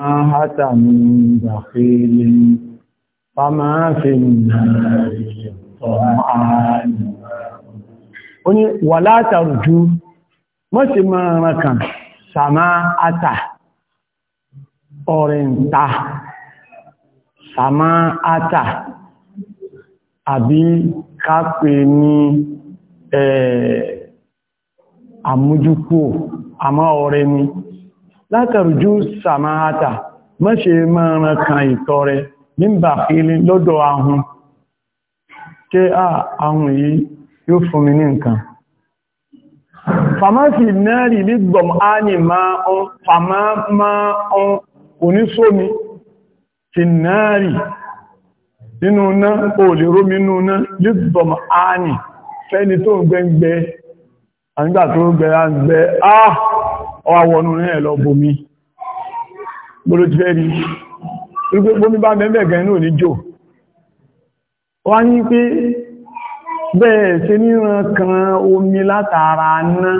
آهة من بخيل فما في النار طمعان oni wàlá àtàrùjú sama sí máa ràn kàn sàmá àtà ọ̀rẹ̀ǹta sàmá àtà àbí ni látàrújú sàmáhátà mọ́ṣe mọ́ran kan ìtọrẹ nígbà ilé lọ́dọ̀ ahun tí ahun yìí yóò fún mi ní nǹkan fàmáfì náà ní gbọm áni máa ń fàmá máa nínú náà o lè nínú náà ní gbọm áni fẹ́ni tó ń àgbà ọwà wọnú rẹ̀ lọ bomi gbọ́lò ti fẹ́ rí wípé bomi bá bẹ́ẹ̀ gẹ̀ẹ́ náà ní jò wá ní pé bẹ́ẹ̀ ṣe níran kan omi látara ná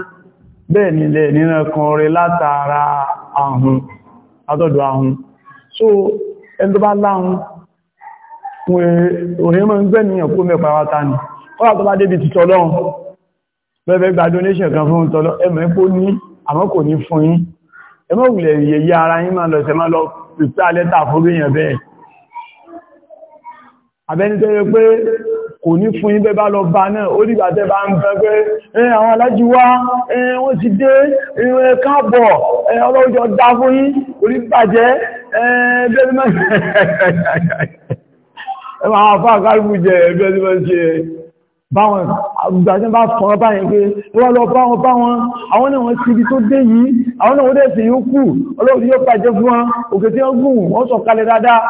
bẹ́ẹ̀ nílẹ̀ níran kan rẹ̀ látara ahun látọ̀dọ̀ ahun so ẹni tó bá láhun òhèrè mọ́ ń gbẹ́ níyàn kó mẹ́pa wátá ni ó wà tó bá débi ti tọ́lọ́run bẹ́ẹ̀ bẹ́ẹ̀ gba donation kan fún tọ́lọ́ àmọ́ kò ní fún yín ẹmọ́ wùlẹ̀ yẹ̀yẹ ara yín máa lọ sẹ́mọ́ lọ pípẹ́ alẹ́ta fún èèyàn bẹ́ẹ̀ abẹ́nitẹ́rẹ pé kò ní fún yín bẹ́bá lọ bá náà ó dìgbà tẹ́ bá ń bẹ́ pé ẹ̀yìn àwọn alájí wá ẹ̀yìn wọ́n ti dé ẹ̀yìn káàbọ̀ ẹ̀yìn ọlọ́jọ́ dá fún yín orí bàjẹ́ ẹ̀ẹ́bẹ́ni mẹ́rin báwọn àgbàjẹ́ bá fọ́ báyẹ̀ pé wọ́n lọ báwọn báwọn àwọn náà wọ́n ti ibi tó dé yìí àwọn náà wọ́n dẹ̀ sí yóò kù olóòrì yóò pàjẹ́ fún wọn òkè tí wọ́n gùn wọ́n sọ kalẹ̀ dáadáa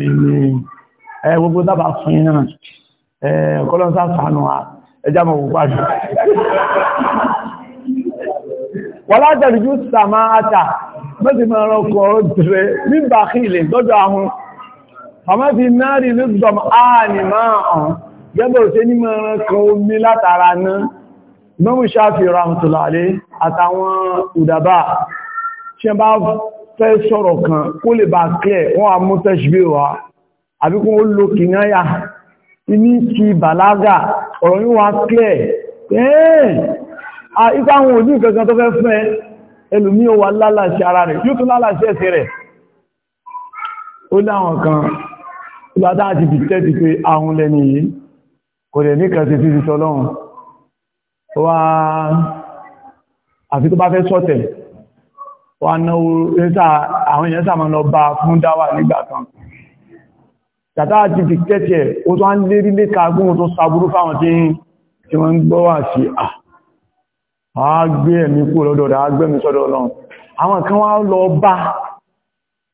ẹ gbogbo dábàá fún iná ọ̀kọ́lọ́sá sànù ẹjá mọ̀ gbogbo àjò wọ́n látẹ̀rẹ̀ ọmọ fi náàrí lóògbọ̀m ààrì máa hàn gẹ́gbẹ̀ òṣè ní mẹ́rin kan omi látara náà mọ́mù sáfì ramtùlálé àtàwọn ìdàbà tí wọ́n bá fẹ́ sọ̀rọ̀ kan kó lè bá clear wọ́n a mú tẹ́ṣbí wa àbíkún ó lo kìnáyà iní ti bàlágà ọ̀rọ̀ yíò wá clear ẹ̀ẹ́ ipá àwọn ó láwọn kan ìgbàdá àti dìtẹ́tì pé ahun lẹ́ni yìí kò rẹ̀ ní kẹsì sí ìṣọ́ lọ́run wá àfi tó bá fẹ́ sọ́tẹ̀ wà náwó àwọn èèyàn sàmà lọ bá fún dáwà nígbà kan tàtà àti dìtẹ́tì ẹ̀ ó tó ń lérí lé kagún tó sàbúrú fáwọn tí wọ́n ń gbọ́ wà sí àgbé ẹ̀mí kú lọ́dọ̀ àwọn kan wá lọ bá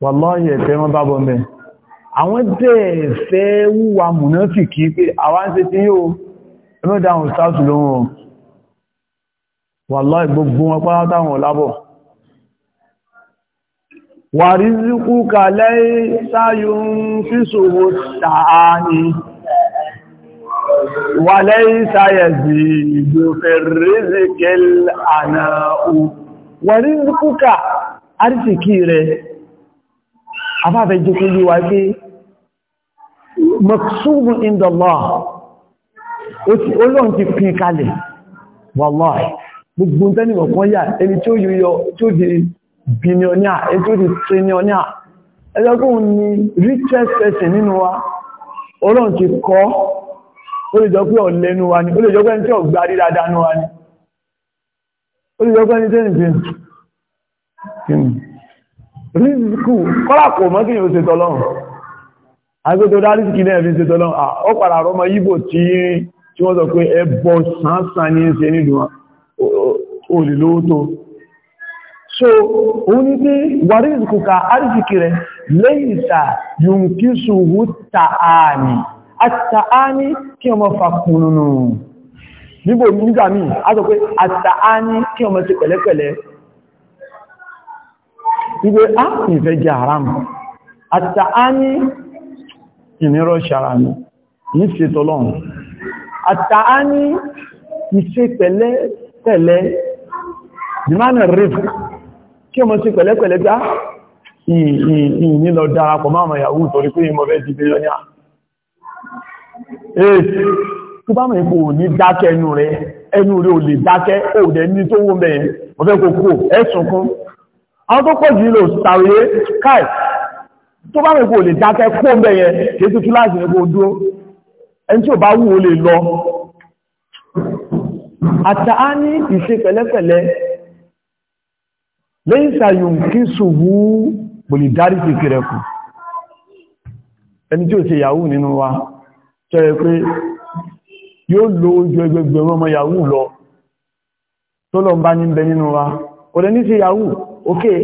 wà lọ́yẹ̀ tẹ́ bá bọ́ mẹ́rin àwọn dẹ̀ fẹ́ wúwa mùnáfìkì pé àwọn ṣe tí yóò ẹmọ́dáhùn sáàtù lóhun wàláhì gbogbo wọn pátáwọn lábọ̀ wà rí síkú kàlẹ́ sáyún fíṣòwò tààni wà lẹ́yìn sáyẹ̀sì ìgbòfẹ̀rẹ́sẹ̀kẹ́l ànáà wà rí síkú kà àrísìkí rẹ̀ afáfẹ́ jẹ́ kó yíwa pé maksubun inda Allah olóhun ti pín kalẹ̀ wallahi gbogbo tẹ́nìwọ̀ kan yà ẹni tí ó yíyọ tí ó di billionia ẹni tí ó di ni richest person nínú wa olóhun ti kọ́ ó lè jọ pé ọ̀lẹ́nu wa ni ó lè jọ pé ẹni tí ni ó lè jọ pé ẹni agbẹ́tọ̀ dárísìkì náà fi ṣetọ́ lọ́wọ́ ó padà rọmọ yíbò tí wọ́n sọ pé ẹbọ sánsán ní ṣe nílùú olìlóótó so òun ní pé wàrísìkò ka arísìkì rẹ̀ lẹ́yìn ìta yùnkísùwú tààní àtààní kí ọmọ fàkùnrùnù níbò nígbà míì a sọ pé a ah, ìfẹ́ jẹ́ àrámù ìnirọ̀ ṣàrà mi ní ṣètò lọ́run àtàá ní ìṣe pẹ̀lẹ́ pẹ̀lẹ́ dìmánà rif kí o mọ́ sí pẹ̀lẹ́ pẹ̀lẹ́ gbá ìnílọ darapọ̀ máa mọ̀ yahoo torí pé ìmọ̀ rẹ̀ di bẹ́yọ ní à tó bá mọ̀ ipò ní dákẹ́ ẹnu tó bá mẹ́kò lè dákẹ́ kó ń bẹ̀yẹ kéèsù kíláàsì ní kó dúró ẹni tí ò bá wù ó lè lọ àtà á ní ìṣe pẹ̀lẹ́pẹ̀lẹ́ lẹ́yìn sàyùn kí sùwú kò lè dárí sí kìrẹ̀kù ẹni tí ò ṣe yahoo nínú wa tẹ́rẹ pé yóò lo ojú ẹgbẹgbẹ̀rún ọmọ yahoo lọ tó lọ ń bá ní bẹ nínú wa kò lẹ́ ní ṣe yahoo okay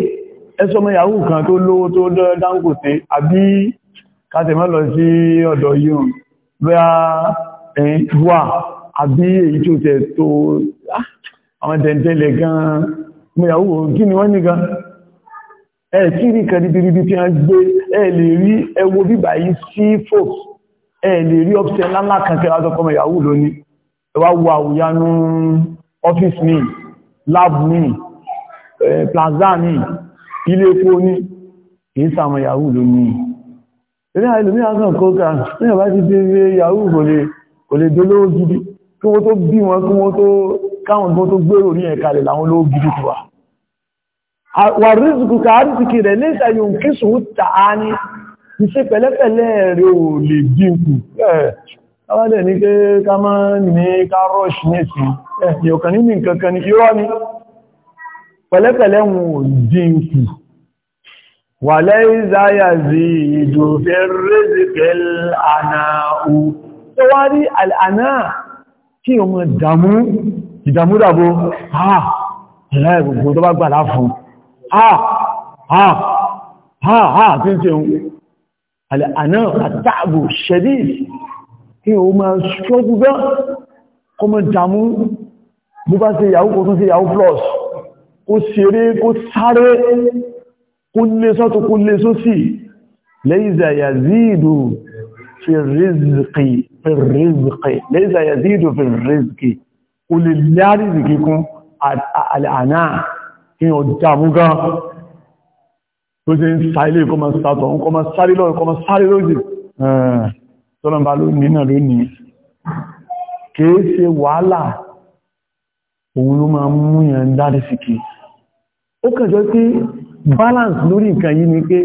ẹsọ mọ́ yahoo kan tó lówó tó Dangote àbí kàtẹ̀mọ́ lọ sí ọ̀dọ̀ yíò bẹ́á ẹ̀yìn wà àbí èyí tó tẹ̀ tó àwọn tẹ̀ntẹ̀lẹ̀ gan mọ́ yahoo kí ni wọ́n ní gan ẹ̀ kiri kan níbi tí wọ́n gbé ẹ̀ lè rí ẹwọ bíbà yìí sí folks ẹ̀ lè rí ọ́pṣẹ́ ńláńlá kan kẹwàá tó kọmọ yahoo lónìí ẹwà wo àwòyánú ọ́fíìsì mi láàbù mi plaza ni ilé epo ní kìí sàmọ̀ yahoo ló ní ilé àìlòmí àkàn kọ́kà ní ọ̀bá ti bèèrè yahoo kò lè dolówó gidi kí wọ́n tó bí wọn kí wọ́n tó káwọn tó tó gbèrò ní ẹ̀kalẹ̀ láwọn olówó gidi ti wà wà rízùkú ká rízùkú rẹ̀ ní ìsàyò kìsùn tàá ní iṣẹ́ pẹ̀lẹ́pẹ̀lẹ́ rẹ̀ ò lè dínkù ẹ̀ẹ́ pẹ̀lẹ́pẹ̀lẹ́ wọn ò dínkù wà lẹ́yìn záyà sí ìdòfẹ́ rẹ́sìkẹ́ ànáhù tó wá rí àná kí o mọ̀ dàmú ìdàmúdàbò àà ìlàyà gbogbo tó bá gbàlá fún àà àà àà tí ń tẹun àná àtàbò ṣẹ̀dí kí o mọ̀ ṣọ́gbùgbọ́ kọmọ dàmú bó bá ṣe yahoo kò tún yahoo plus kó ṣeré kó sáré kó lé sọ́tún kó lé sósì lẹ́yìnzà yazidu fi rizqi fi rizqi lẹ́yìnzà yazidu fi rizqi kò lè lárí zìkí kún àlànà kí o dámú gan tó ṣe ń sáilé kó ma sátọ̀ ń ma sáré lọ́rọ̀ kó ma sáré lójì tọ́lọ̀mbà ló nínà lónìí kìí ṣe wàhálà òun ló ma mú yẹn dárí síkìí ó kànjọ pé balance lórí nǹkan yìí ni pé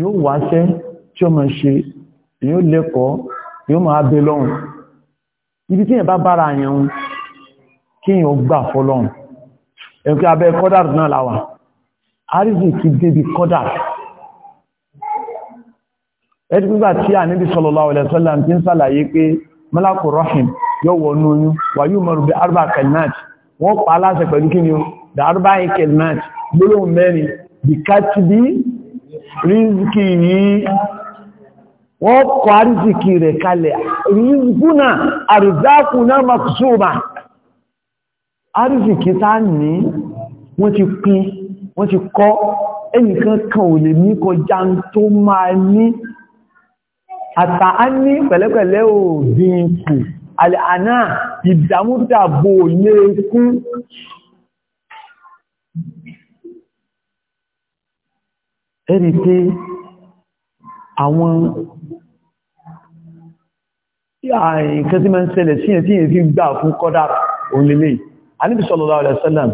yóò wáṣẹ́ tí ó máa ṣe yóò lẹ́kọ̀ọ́ yóò máa bẹ lọ́hùn ibi tí yẹn bá bára yẹn kí yẹn ó gbà fọ́lọ́hùn ẹ̀kọ́ abẹ́ kọ́dàr náà láwà àríjì kí débi kọ́dàr ẹ̀tí pípà tí a arba kalmat wọ́n pa aláṣẹ pẹ̀lú kí ni dàrúbá ìkẹ̀lmáàt gbólóhùn mẹ́rin bí káàkì bí rízikì yìí wọ́n kọ àrízikì rẹ̀ kalẹ̀ rízikúnà àrùzákúnà makṣúbà àrízikì tá ní wọ́n ti pín wọ́n ti kọ́ ẹnìkan kan ò lè ní kọjá tó máa ní àtà á ní pẹ̀lẹ́pẹ̀lẹ́ ò dín àná ìdàmúdàbò lè kún ẹ̀rí pé àwọn nǹkan tí ma ń ṣẹlẹ̀ sí ẹ̀tí ìrìn fi gbà fún kọ́dára orílẹ̀ Ànábì sallallahu alaihi wasallam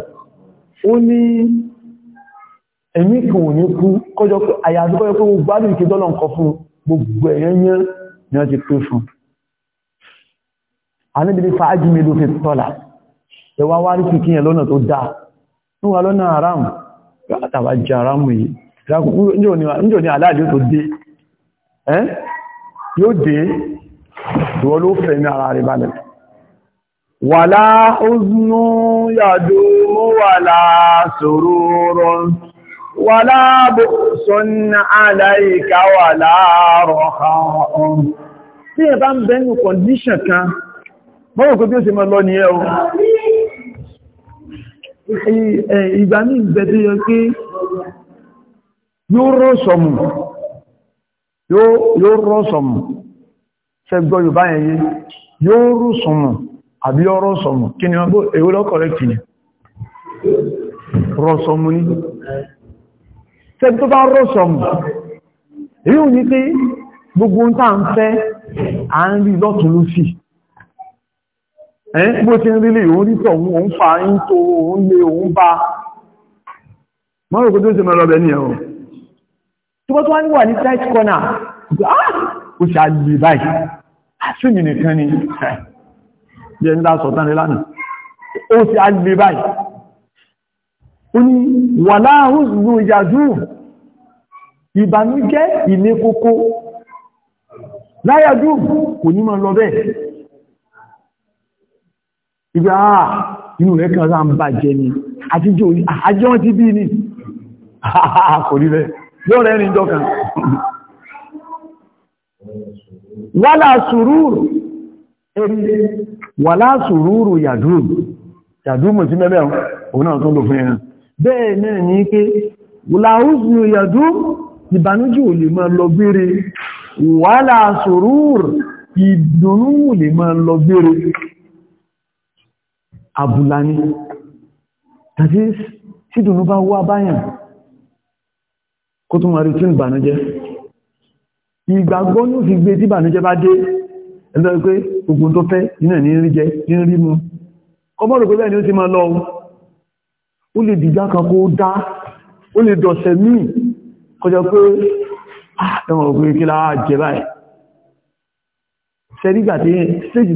ó ní ẹ̀mí kan ò ní kú kọjọ́ pé àyàtí kọjọ́ pé gbogbo àdìrí kí dọ́lọ̀ nǹkan fún gbogbo ẹ̀yẹn yẹn ni wọ́n ti pé fún Ànábì ní fàájì mélòó fi tọ́lá ẹwà wárí kìkíyàn lọ́nà tó dáa níwà lọ́nà àráàmù látàwà jẹ́ àráàmù yìí níjò ní aláàlú tó dé ẹ́ yóò dé ìwọ ló fẹ́ ní ara rẹ̀ balẹ̀ wà láà oúnú yàdó wà láà sòróró wà láà bó sọ́nà aláìka wà láàrọ̀ ọ̀hún ìgbà ní ìgbẹ̀ tó yọ pé yóò rọ́ sọmù yóò rọ́ sọmù ṣẹgbọ́ yorùbá ẹ̀yẹ yóò rọ́ sọmù àbí ọrọ̀ sọmù kí ni wọ́n bó èwo ló correct ni rọ́ sọmù ní ṣẹb tó bá rọ́ sọmù èyí ò ní pé gbogbo ń tàà ń fẹ́ à ń rí lọ́tún lósì ẹ̀yìn bó ti ń rí tí wọ́n tó wá ní wà ní tight corner ah, ó ṣàlè báyìí ṣùgbìn nìkan ni jẹ́ ní láàṣọ tán lẹ́lánà ó ṣàlè báyìí ó ní wà láàrùn ìlú ìyàjú ìbànújẹ́ ilé kókó láyàjú kò ní máa lọ bẹ́ẹ̀ ìgbà àà ah, inú rẹ̀ kan sáà ah, bẹ́ẹ̀ yóò rẹ̀ rìn jọkàn wàlá sùúrù eri wàlá sùúrù yàdùn yàdùn sí mẹ́bẹ̀ òun náà tó lò fún ẹran bẹ́ẹ̀ náà ní pé wùláhùsù yàdùn ìbànújẹ́ ò lè máa lọ gbére wàlá sùúrù ìdùnnú ò lè máa lọ gbére abúlání tàbí sídùnú bá wá báyàn kó tún mọ̀ rí tí ń bànújẹ́ ìgbàgbọ́ ní fi gbé tí bànújẹ́ bá dé ẹ̀lọ́ pé ogun tó fẹ́ iná ní rí jẹ ní rí mú ọmọrò pé bẹ́ẹ̀ ni ó ti máa lọ ó lè dìjá kan kó dá ó lè dọ̀sẹ̀ míì kọjọ pé ah, ẹwọ̀n òpin kí láà jẹ báyìí sẹ́rígbà tí stéjì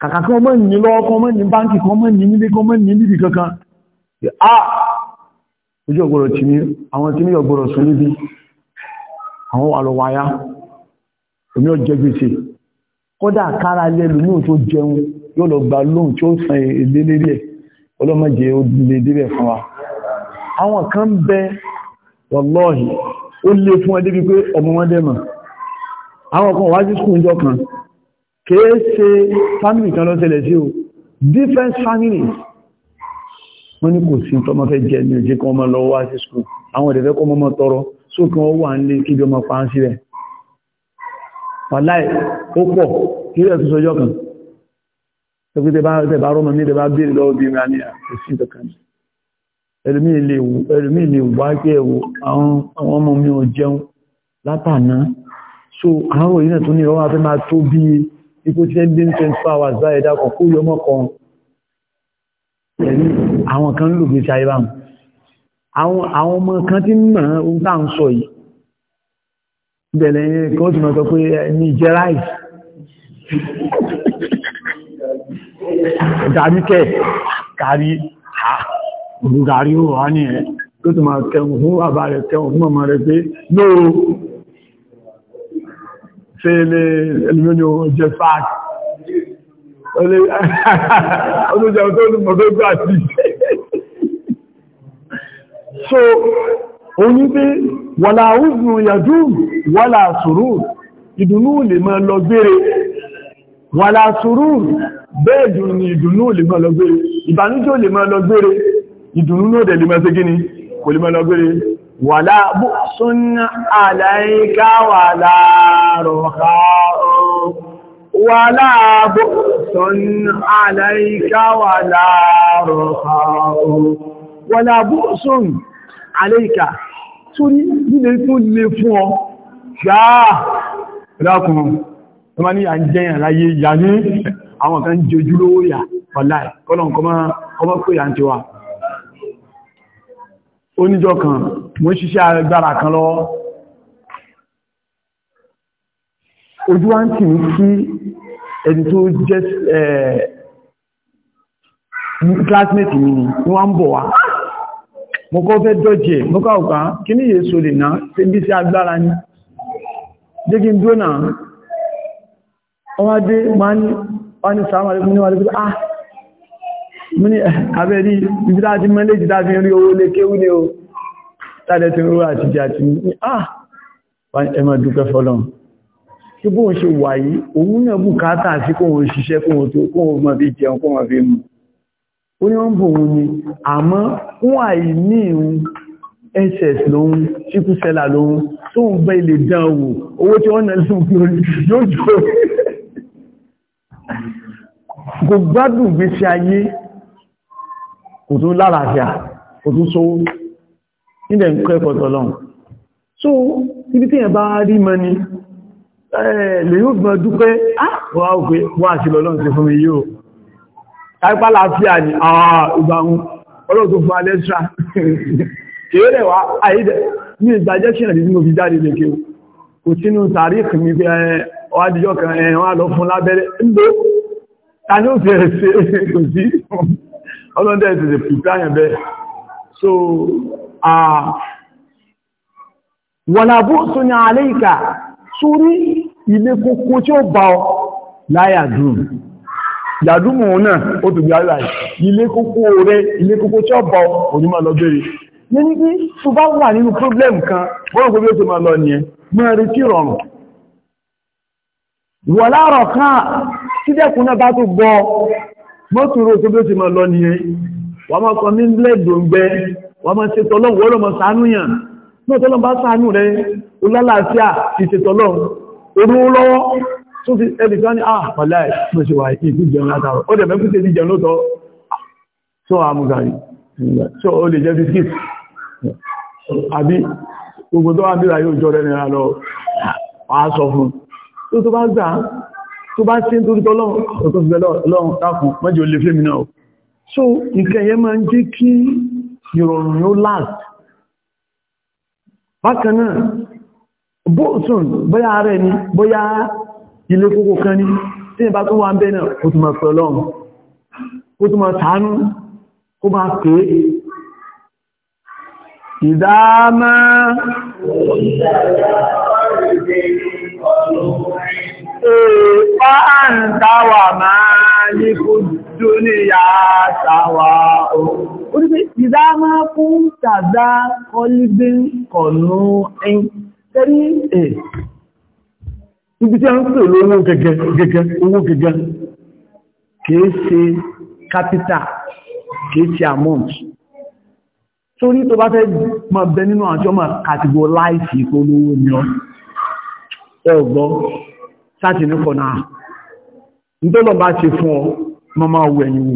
kàkà kan mọ́ ní lọ́wọ́ kan mọ́ ní báńkì kan mọ́ ní nílé kan mọ́ ní níbi kankan à ojú ọgbọ̀rọ̀ tí ní àwọn tí ní ọgbọ̀rọ̀ sún níbi àwọn wà lọ wáyá omi ò jẹ gbèsè kódà kára lẹ́lu ní òtó jẹun yóò lọ gba lóhùn tí ó san èlé lérí ẹ̀ ọlọ́mọdé ó lè débẹ̀ fún wa àwọn kan bẹ wọlọ́ọ̀hì ó lé fún ẹ pé ọmọ wọn dẹ̀ àwọn kan wájú skùn jọ kan kèé ṣe family kan lọ ṣẹlẹ̀ sí o different families wọ́n ní kò sí tọ́mọ́ fẹ́ jẹ ní òjé kan ọmọ lọ wá sí school àwọn ìdẹ̀fẹ́ kọ́ mọ́mọ́ tọrọ sókè wọ́n wà nílé kí ọmọ pa ń sílẹ̀ wàláì ó pọ̀ kí rẹ̀ tó sọjọ́ kan tẹ́kùtẹ́ bá rẹ̀ bá rọ́mọ mílẹ̀ bá bèèrè lọ́wọ́ bí ìrìn kò sí ìtọ̀kan ẹlùmí lè wá pé ẹ̀wò àwọn ọmọ mi ò jẹun látàná so àwọn ìrìnà tó ní ọwọ́ afẹ́ máa tó bíi ipò tí ẹ dín 24 hours báyẹ̀ dákọ̀ kó yọ mọ́ kan pẹ̀lú àwọn kan lò gbé ṣayé bá àwọn ọmọ kan tí mọ̀ ohun tá ń sọ yìí bẹ̀rẹ̀ kan tí mọ̀ sọ pé ní jẹ́ gàrí kẹ́ gàrí ha gàrí ó wà ní ẹ̀ tó tí mọ̀ kẹun fún bàbá rẹ̀ kẹun fún ọmọ rẹ̀ pé lóòó ṣe ilé ẹlùmíọ́nì jẹ fàák olóòjẹ́ tó ní mọ̀tọ́gbà sí so oní pé wàlá òun yàjú wàlá sùúrù ìdùnnú lè máa lọ gbére wàlá sùúrù bẹ́ẹ̀dù ni ìdùnnú lè máa lọ gbére ìbànújẹ́ lè máa lọ gbére ìdùnnú náà dẹ̀ lè máa ṣe gíní kò lè máa lọ gbére wàlá حسن عليك ولا رخاء ولا بؤس عليك ولا رخاء ولا بؤس عليك torí nílé tó lè fún ọ ṣáà rákùnrin tó má ní à ń jẹyàn láyé yà ní àwọn kan jẹ ojúlówó yà ọ̀láì kọ́lọ̀ nǹkan mọ́ pé à ń ti wà oníjọ́ kan mo ń ṣiṣẹ́ agbára kan lọ́wọ́ ojú wá ń tì ní sí ẹni tó jẹ́ classmate mi ni wọ́n ń bọ̀ wá mo kọ́ fẹ́ dọ́jẹ̀ mo ká ọ̀ká ah, kí ní yẹ so lè ná tí bí sí agbára ní jẹ́ kí n ọmọdé ma ní ní wà lẹ́kùn mú ní eh, abẹ́rí ìbídá ti mọ́lé ìdá fi rí owó lé kéwú ní o tàbí tí ó àti jẹ́ àti ní ah ẹmọ dúpẹ́ fọ́lọ́n tí bóun ṣe wà yìí òun náà bùkátà sí kóhun ṣiṣẹ́ kóhun tó kóhun mọ́ fi jẹun kóhun fi mú ó ní wọ́n bò wọn ni àmọ́ fún àìní ìhun ss lóhun síkúsẹ́là lóhun tó ń gbẹ́ ilẹ̀ dán wò owó tí wọ́n ayé kò tún lálàáfíà kò tún sówó nílẹ̀ ń kẹ́kọ̀ọ́ tọ́lọ́run so ibi tí ẹ̀ bá rí mọ́ ni lè yóò gbọ́n dúpẹ́ wà sí lọ́lọ́run ti fún mi yóò káípá láàáfíà ni ìgbàhun ọlọ́tún fún alẹ́sà kèrè rẹ̀ wá àìdẹ̀ ní ìgbàjẹ́ṣìn àti mo fi jáde lèkè kò sínú tàríkì mi pé ọwádìíjọ́ kan ẹ̀wọ́n lọ fún lábẹ́rẹ́ ọlọ́dẹ̀ ìtẹ̀tẹ̀ pìtáyàn bẹ́ so a so tó ní alẹ́ ìkà sórí ilé kókó tí ó bá ọ láyàdùn yàdùmù náà ó tó gbára ilé kókó rẹ ilé kókó tí ó bá ọ onímọ̀ lọ́bẹ̀rẹ̀ ní ní kí tó bá wà nínú problem kan wọ́n kó mọ́túrò tó bí ó ti mọ̀ lọ nìyẹn wà máa kọ ní lẹ́dọ̀ǹgbẹ́ wà máa ṣe tọ́lọ́wọ́ ọlọ́mọ sàánúyàn náà tọ́lọ́ bá sàánú rẹ̀ olálàáfíà ti ṣe tọ́lọ́ orú lọ́wọ́ tó fi ẹbì kan ní àpàlá ah, ìpínṣẹ̀wà ìpínjẹun látàrọ̀ ó dẹ̀ mẹ́kúnṣẹ́ ìjẹun tó bá sí nítorí tọ́lọ́run tó so ìkẹyẹ máa ń jẹ́ kí ìrọ̀rùn ó last bákanáà bóòsùn bóyá rẹ̀ ni bóyá ilé kókó kan ní tí ìbá tó wà ń bẹ́ náà ó túnmọ̀ pẹ̀ ọlọ́run ó túnmọ̀ sàánú kó máa pè é ìdámá Ọlọ́run fa'anta wa máa ní kújú ní yàtà wa orípe ìdá máa fún tàdá ọlígbé kọ̀nú ẹn tẹ́rí ẹ̀ ibi tí a ń pè lówó gẹ́gẹ́ owó gẹ́gẹ́ kìí ṣe kápítà kìí ṣe amount torí tó bá fẹ́ mọ̀ bẹ nínú àjọ́mọ̀ categorize ìpolówó ni ọ ẹ̀gbọ́n láti ní kọ̀nà nítọ́lọ̀ bá ṣe fún ọ ma máa wù ẹ̀yìn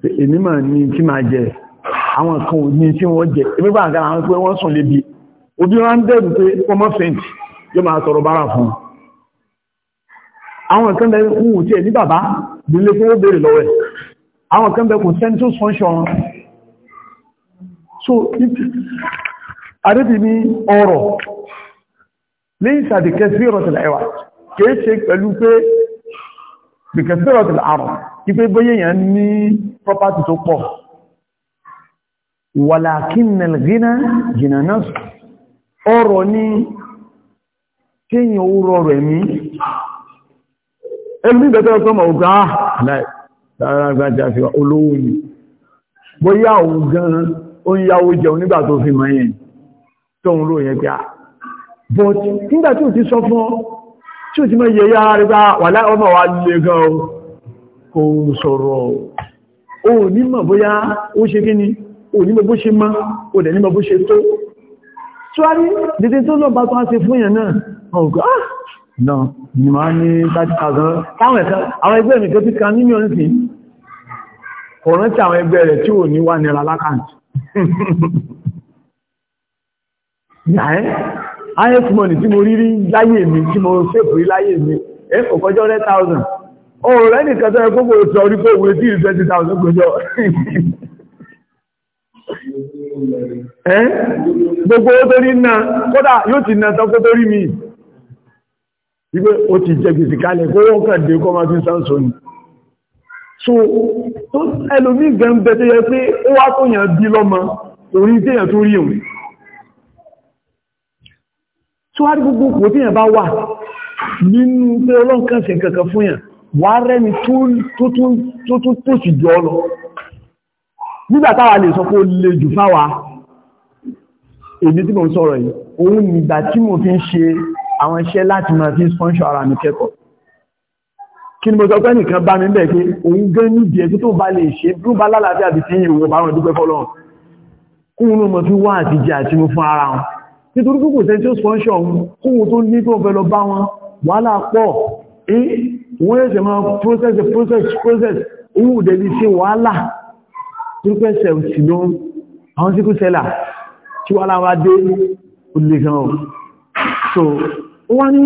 wù èmi ma ní jẹ àwọn kan ò ní tí wọ́n jẹ ẹgbẹ́gbà àgára àwọn pé wọ́n sùn lébi òbí wọ́n dẹ̀rù pé ọmọ fẹ́ǹtì yọ ma sọ̀rọ̀ bára fún àwọn kan bẹ wù tí ẹ̀ ní bàbá nílé kan bẹ ليس بكثيرة العوض kìí ṣe pẹ̀lú pé بكثيرة العرض ipé bóyíyàn ní property tó pọ̀ ولكن الغنى غنى نفس ọrọ̀ ní kíyàn ó rọrọ̀ ẹ̀mí ẹgbẹ́ ìgbẹ̀tẹ́ ọkọ̀ mọ̀ ọ̀gá láìláàgbàjá fi olówó ni bóyá but nígbà tí ò ti sọ fún ọ tí ò ti mọ́ yẹ̀yà àrígbà wà láì ọmọ wa lè gan kò sọ̀rọ̀ o ní mọ̀ bóyá ó ṣe kí ni o ní mọ̀ bó ṣe mọ́ o dẹ̀ ní mọ̀ bó ṣe tó tíwárí dédé tó lọ bá tó wá ṣe fún èèyàn náà ọgbà ah, náà ni máa ní 30,000 táwọn ẹ̀kan àwọn ẹgbẹ́ mi tó ti kan nínú ọ̀sìn ọ̀rán tí àwọn ẹgbẹ́ rẹ̀ tí ò ní wà nira lákàntì highest money tí mo rí rí láyé mi tí mo ṣèpù rí láyé mi ẹ kò kọjọ́ 100,000 o rẹ̀ nìkan tó ẹkọ́ kò tọ́ orí kó wé tí 20,000 kọjọ́ ẹ́ gbogbo ó tó rí ná kódà yóò ti ná tọ́kó tó rí mi wípé ó ti jẹ gbèsè kalẹ̀ kó wọ́n kàn dé kọ́ máa fi sáńsọ ni so ẹlòmí gan bẹ́ tó yẹ pé ó wá tó yàn bí lọ́mọ orí téèyàn tó rí òun tíwárí gbogbo kò tí yàn bá wà nínú pé ọlọ́nkan ṣe kankan fún yàn wà rẹ́ni tó tó sì jọ lọ nígbàtàwà lè sọ pé ó lè jù fáwa èdè tí mo ń sọ̀rọ̀ yìí òun nígbà tí mo fi ń ṣe àwọn iṣẹ́ láti máa fi sponsor ara mi kẹ́kọ̀ọ́ kí ni mo sọ pé nìkan bá mi bẹ̀ pé òun gẹ́ nídìí ẹgbẹ́ tó bá lè ṣe tó bá lálàáfíà àti tí ìwò bá wọn dúpẹ́ fọ́lọ́run kúrò mọ̀ fi wá àtijẹ́ àti mú fún ara wọn nítorí kúkù tẹ́ tí ó sponsor kúhun tó ní tó fẹ́ lọ bá wọn wàhálà pọ̀ wọ́n yẹ́ sẹ̀mọ́ process process process owó ìdẹ̀bí sí wàhálà pípẹ́sẹ̀ òsìlú àwọn síkú sẹ́là tí wàhálà wá dé olè gan ọ̀ so wọ́n ní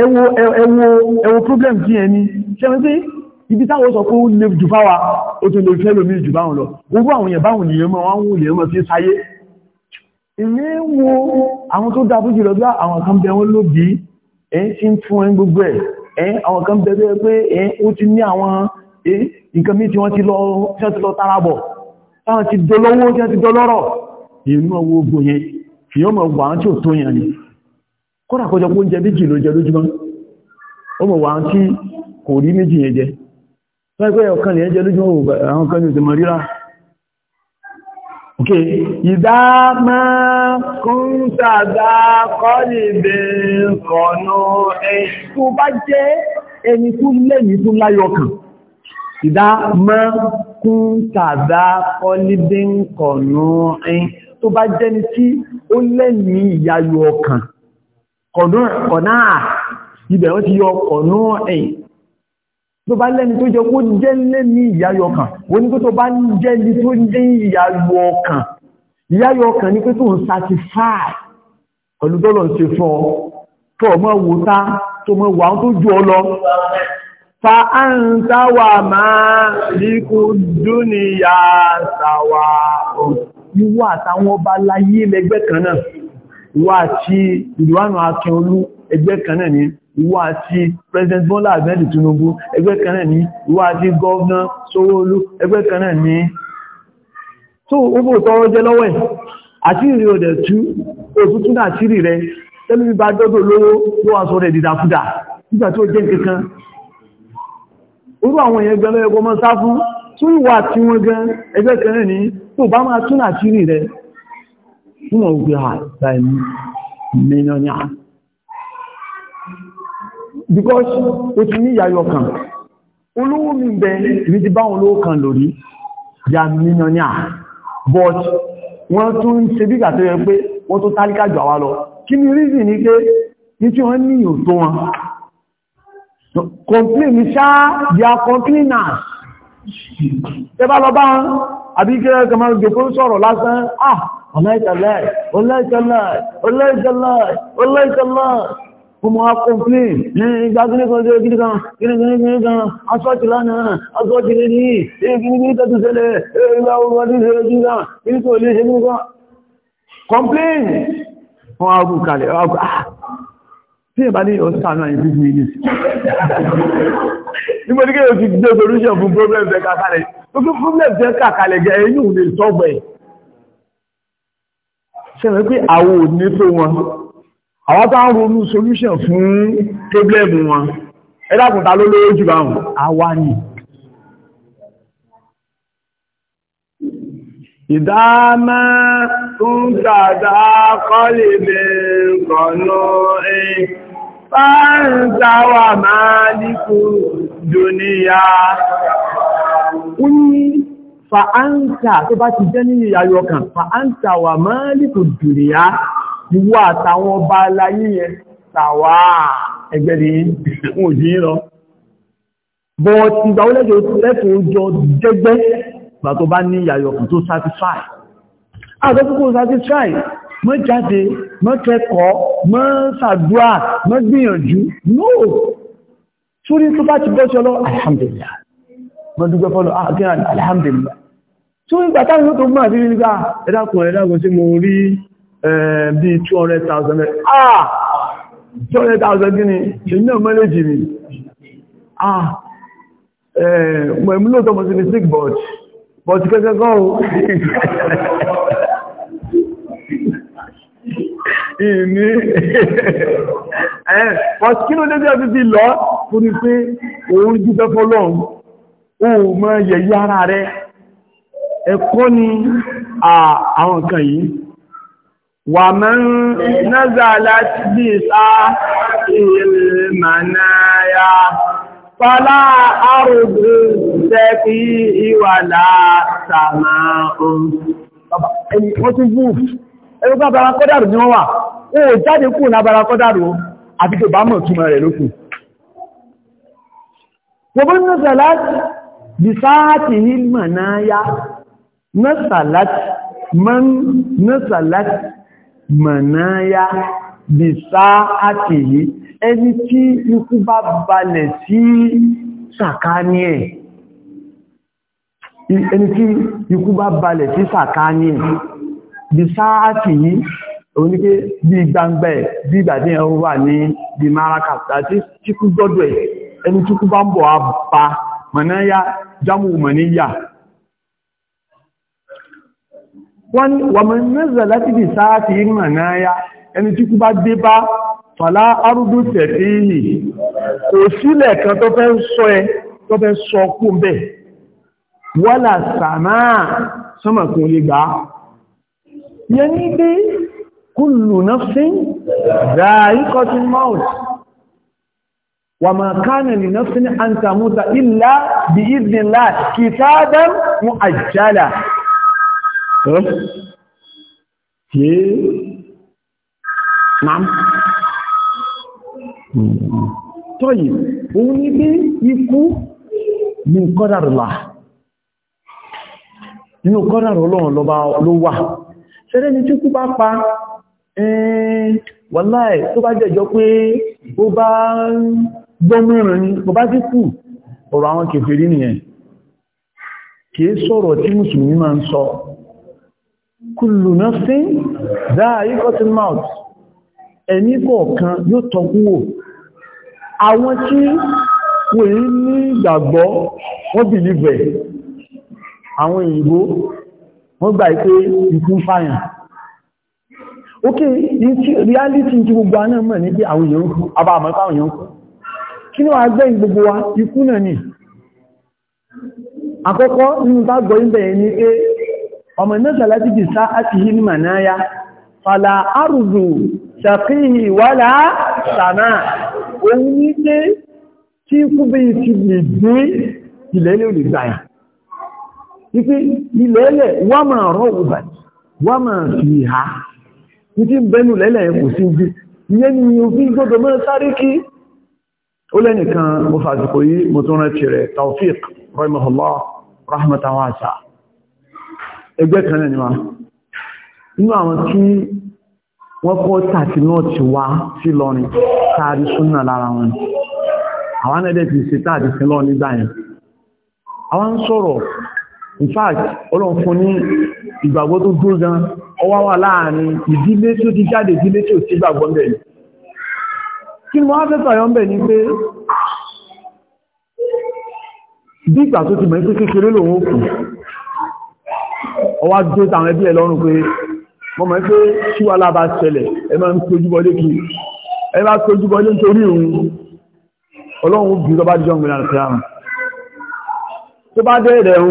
ẹwọ ẹwọ ẹwọ problem kí ẹni ṣẹ́mọ́ sí ibi táwọn sọ pé ó lè jù fáwa ó tún lè fẹ́ lómi jù báwọn lọ gbogbo àwọn èèyàn báwọn èèyàn mọ́ wọ́n wùlẹ̀ mọ́ sí sáyé ìmí wo àwọn tó dábú jùlọ bí àwọn kan bẹ wọ́n lóbi ẹ́ tí ń fún ẹ gbogbo ẹ̀ ẹ́ àwọn kan bẹ bẹ́ pé ẹ́ ó ti ní àwọn nǹkan mí tí wọ́n ti lọ tarabọ̀ táwọn ti dolówó tí wọ́n ti dolọ́rọ̀ wo ogun yẹn fi tí tó ni kódà kọjọ pé oúnjẹ méjì ló jẹ lójúmọ́ ó mọ̀ tí kò rí méjì yẹn jẹ Òkè, ìdá máa kún sàdá kọ́lì bè kọ̀nà ẹ̀. Tó bá jẹ́ ẹni tó lẹ́yìn tó láyọkàn. Ìdá máa kún sàdá kọ́lì bè kọ̀nà ẹ̀. Tó bá jẹ́ ni tí ó lẹ́yìn ìyayọ ọkàn. Kọ̀nà ibẹ̀ wọ́n ti yọ kọ̀nà ẹ̀ tó bá lẹ́ni tó jẹ kó jẹ́ lé ní ìyáyọ ọkàn wọ́n ni pé tó bá jẹ́ ní tó jẹ́ ìyáyọ ọkàn ìyáyọ ọkàn ní pé tó ń satisfy pẹ̀lú ń ṣe fún tó ọmọ wò tá tó mọ wà tó jù ọ lọ fa á ń táwà máa líkú dúnìyà sàwà ìwà àtàwọn ọba láyé lẹgbẹ́ kan náà ìwà àti ìdíwánu akẹolú ẹgbẹ́ kan náà ni ìwọ àti president Bọ́lá Ahmed Tinubu ẹgbẹ́ kan náà ní ìwọ àti gọ́ọ̀nà Sanwó-Olú ẹgbẹ́ kan náà ní tó owó tọrọ jẹ lọ́wọ́ ẹ̀ àti ìrìn òdẹ̀ tú òtútù náà sírì rẹ tẹ́lú bá dọ́dọ̀ lówó ló wà sọ rẹ̀ dìdàkúdà nígbà tí ó jẹ́ kankan orú àwọn èèyàn gbẹ́lẹ́ ẹgbọ́ mọ́ sá fún tó ìwà tí wọ́n gan ẹgbẹ́ kan náà ní tó bá máa tún àṣírí rẹ̀ fún ọgbẹ́ àgbà ẹ̀mí mílíọ̀nì àti because ó ti ní ìyàyọ̀ kan olówó mi bẹ ibi ti báwọn olówó kan lórí ya millionaire but wọ́n tún ń ṣe bí gàtọ́ yẹ pé wọ́n tó tálíkà jù àwa kí ni reason ni pé ní tí wọ́n ní ìyò tó wọn complain ṣáá they are complainers ẹbá lọ bá wọn àbí kí ẹgbẹ́ máa gbé fún sọ̀rọ̀ lásán ah ọlẹ́ìtẹ̀lẹ́ ọlẹ́ìtẹ̀lẹ́ ọlẹ́ìtẹ̀lẹ́ ọlẹ́ìtẹ̀lẹ́ ọmọ akọ̀m̀plé ìgbàgbìnrin kan jẹ́ gidi kan gínigínigín kan aṣọ́ọ̀tì lánàá aṣọ́ọ̀tì lè ní ìgbìnigbìn tẹ́tù sẹlẹ̀ ìgbà orúwà ní ìṣẹ́ gidi kan gidi kò lè ṣe gidi kan complain wọn agun kalẹ̀ agun ah tí ìbá ní ọ̀sán náà ìfífí minutes nígbà ní kéèyàn ti gbé solution fún problem fẹ́ kàkàlẹ̀ gbogbo problem fẹ́ kàkàlẹ̀ gẹ̀ ẹ̀yìn òun lè sọ́gbẹ̀ ṣẹlẹ̀ pé àwọn ò ní tó wọn àwọn tó ń ronú solution fún problem wọn ẹ́dàkùnta ló lówó jù bá wọn àwa ni ìdámá tún tàdá kọ́lì bẹ̀rẹ̀ kọ̀nà ẹ̀yìn fáńtàwà máa líkù dùníyà ó tó bá ti jẹ́ ní ìyàyọkàn fa'áńtàwà máa líkù dùníyà ìwọ àtàwọn ọba aláyé yẹn tàwà ẹgbẹ̀rẹ̀ ìṣẹ̀kùn òjì lọ bọ́ ti gbà olẹ́jọ lẹ́fẹ̀ ojọ jẹ́gbẹ́ gbà tó bá ní ìyàyọ̀kùn tó satisfy àtọ́kùnkùn satisfy mọ́ jáde mọ́ kẹ́kọ̀ọ́ mọ́ sàdúà mọ́ gbìyànjú no sórí tó bá ti bọ́ sí ọlọ́ alhamdulillah mọ́ dúpẹ́ fọ́lọ́ ah, alhamdulillah sórí gbàtà yóò tó mọ́ àti nígbà ẹ̀dàkùn ẹ̀dàkùn sí mo Eh, bí 200,000 ah 200,000 gíní èyí náà mẹ́lẹ́jì mi ah eh, mẹ́múlò tọ́mọ̀ sí ní sick but but kẹ́kẹ́ kọ́ ìní ẹ̀ eh, but kí ló dédé ọdún sí lọ fún ní pé òun jíjẹ́ fọ́lọ́un òun mọ́ yẹ̀yí ara rẹ̀ ẹ̀kọ́ ni ah, àwọn nǹkan yìí ومن نزلت بساعة المنايا فلا أرض تكي ولا سماء ẹni wọ́n tún move ẹgbẹ́ bá bára kọ́dàrù ní wọ́n wà ó jáde kú ní abára náà yá nọ́sàláti mọ́ nọ́sàláti mọ̀náyá bí sáàtì yìí ẹni tí ikú bá balẹ̀ sí sàkáání ẹ̀ ẹni tí ikú bá balẹ̀ sí sàkáání ẹ̀ bí sáàtì yìí òun ní pé bí gbangba ẹ̀ bí ìgbàdí ẹ̀ wà ní bí maraka àti tíkú gbọ́dọ̀ ẹ̀ ẹni tíkú bá ń bọ̀ wọ́n ni wàmọ̀ mẹ́sẹ̀ láti bí sáàtì ìrìnà náà ya ẹni tí kú bá dé bá fàlá arúgbó tẹ̀fẹ́ yìí kò sílẹ̀ kan tó fẹ́ sọ ẹ tó fẹ́ sọ kú bẹ̀ wọ́là sàmáà sọmọ̀kún lè gbá yẹ ní dé kúlù nafsin dha'iqatul ẹ́ a é máa tọ́yì òun iku ikú la kọ́dàrùlà inú kọ́dàrù ọlọ́run lọba ló wà ṣẹ́rẹ́ ni tí kú pa ẹn wàláì tó bá jẹjọ pé ó bá gbọ́mìnrin ni ọ̀rọ̀ àwọn kèfèrí nìyẹn kìí sọ̀rọ̀ tí kùlù náà sí dáa ikọ́tí mouth ẹni kọ̀ọ̀kan yóò tọkúwò àwọn tí wọ́n yí ní ìgbàgbọ́ wọ́n bìlìbẹ̀ àwọn òyìnbó wọ́n gbà pé ikú fàyàn ok reality tí gbogbo aná mọ̀ ní pé àwọn èèyàn kú abáàmọ́ pàwọn èèyàn kú kí ní wà gbẹ́yìn gbogbo wa ikú náà ni àkọ́kọ́ nínú bá gbọ́ ìbẹ̀yẹn ni pé ọmọ náà láti jì sá àti yìí mà náà ya fàlà àrùzù ṣàfihì wàlá sàmà òun ní pé tí kúbẹ̀ ti lè gbé ìlẹ́lẹ̀ olè gbáyà wípé ìlẹ́lẹ̀ wà máa rọ̀ ọ̀bà wà máa fi ha títí bẹ́nu lẹ́lẹ̀ kò sí ju ìyẹn ni òfin gbọ́dọ̀ mọ́ sáré kí ó lẹ́nìkan mo fàṣùkò yìí mo tún rẹ̀ Tawfiq rahimahullah rahmatan ẹgbẹ́ kan náà ni wá nínú àwọn tí wọ́n kọ́ tàti náà ti wá sí lọ́rin káàrí súnà lára wọn àwọn ẹ̀dẹ̀ ti ṣe tàti sí lọ nígbà yẹn àwọn ń sọ̀rọ̀ in fact ọlọ́run fún ní ìgbàgbọ́ tó dúró gan ọwá wà láàrin ìdílé tó ti jáde ìdílé tó ti gbàgbọ́ bẹ̀ kí ni wọ́n fẹ́ fàyọ́ bẹ̀ ni pé bí ìgbà tó ti mọ̀ pé kékeré lòun ó kù ọwá dó tàwọn ẹbí ẹ̀ lọ́rùn pé mọ́ mọ́ pé ṣíwá lába ṣẹlẹ̀ ẹ máa ń tójúbọlé kí ẹ bá tójúbọlé nítorí òun ọlọ́run bí lọ bá jọ ìrìnà àti àrùn tó bá dẹ́ẹ̀dẹ̀ ń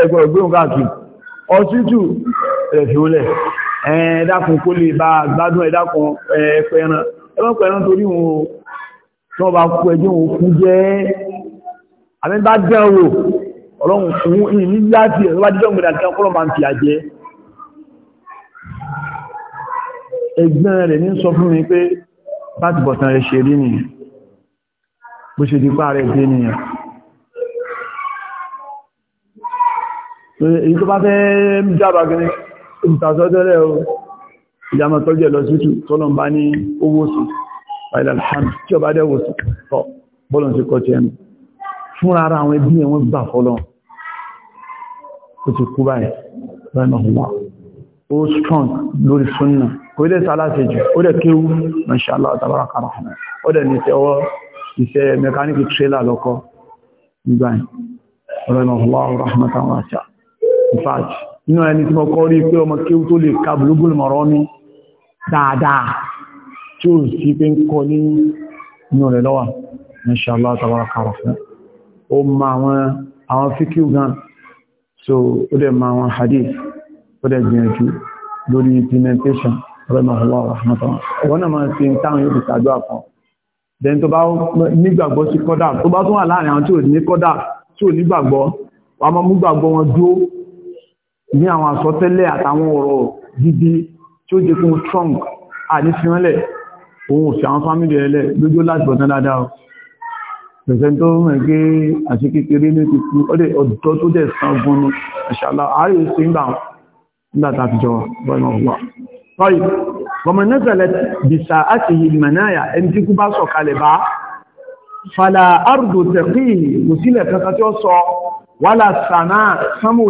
ẹgbẹ̀ ògbóhùn káàkiri ọ̀tútù ẹ̀fìúnlẹ̀ ẹ̀ẹ́dàkùn kó lè bá gbádùn ẹ̀dàkùn ẹ̀ẹ́pẹ̀ẹ̀rán ẹ̀mọ́pẹ̀ẹ̀rán torí wọn tó bá kú ẹjọ́ òkú jẹ́ ọlọ́run fún ìní láti ẹ̀rọ wájú ọ̀gbẹ̀dà kí ọkọ́lọ́ máa ń fi àjẹ́ ẹgbẹ́ rẹ̀ ní sọ fún mi pé láti bọ̀tán rẹ̀ ṣe rí nìyàn bó ṣe dípá rẹ̀ dé nìyàn èyí tó bá fẹ́ jára gẹ́rẹ́ o ìjàmọ̀ tọ́jú ẹ̀lọ sí tọ́lọm bá ní owó sí alhamdu tí ọba dẹ́wò sí tọ́ bọ́lọ̀ fúnra ara àwọn ẹbí ẹ̀wọ̀n gbà fọ́lọ́n ó ti kú báyìí rahimahullah ó strong lórí súnnà kò ilé sálásẹ̀jù ó dẹ̀ kéwú mashallah tabaraka rahman ó dẹ̀ ní iṣẹ́ ọwọ́ iṣẹ́ mẹkáníkì tírélà lọ́kọ́ nígbà yìí rahimahullah rahmatan wasi'a in fact inú ẹni tí mo kọ́ rí pé ọmọ kéwú tó lè ka bulugul marami dáadáa tí ó sì pé ń kọ ní ma àwọn fíkíw gan so ó dẹ̀ ma wọn hadith ó dẹ̀ gbìyànjú lórí implementation rahimahullah rahmatan wọn náà máa fi ń táwọn yóò fi ṣàjọ àpọ̀ then tó bá nígbàgbọ́ sí kọ́dà tó bá tún wà láàrin àwọn tí ò ní kọ́dà tí ò nígbàgbọ́ wà máa mú gbàgbọ́ wọn dúró ní àwọn àsọtẹ́lẹ̀ àtàwọn ọ̀rọ̀ gidi tí ó jẹ́ fún strong àdífihànlẹ̀ òun òfin àwọn fámílì ẹlẹ́ lójó láti bọ̀tán pẹ̀sẹ̀ tó mẹ́ gé àti kékeré ní ti kú ọdẹ ọ̀dọ́ tó dẹ̀ sán ogun ní ẹ̀ṣàlá ààrẹ sí ìgbà nígbàtà àtijọ́ bọ́nà ọ̀wà sọ́yì bọ̀mọ̀ nẹ́sẹ̀lẹ̀ bìsà àti ìmẹ̀náyà ẹni tí kú bá sọ kalẹ̀ bá fàlà àrùdò tẹ̀kìlì kò sílẹ̀ kankan tí ó sọ wàlà sànà sánmò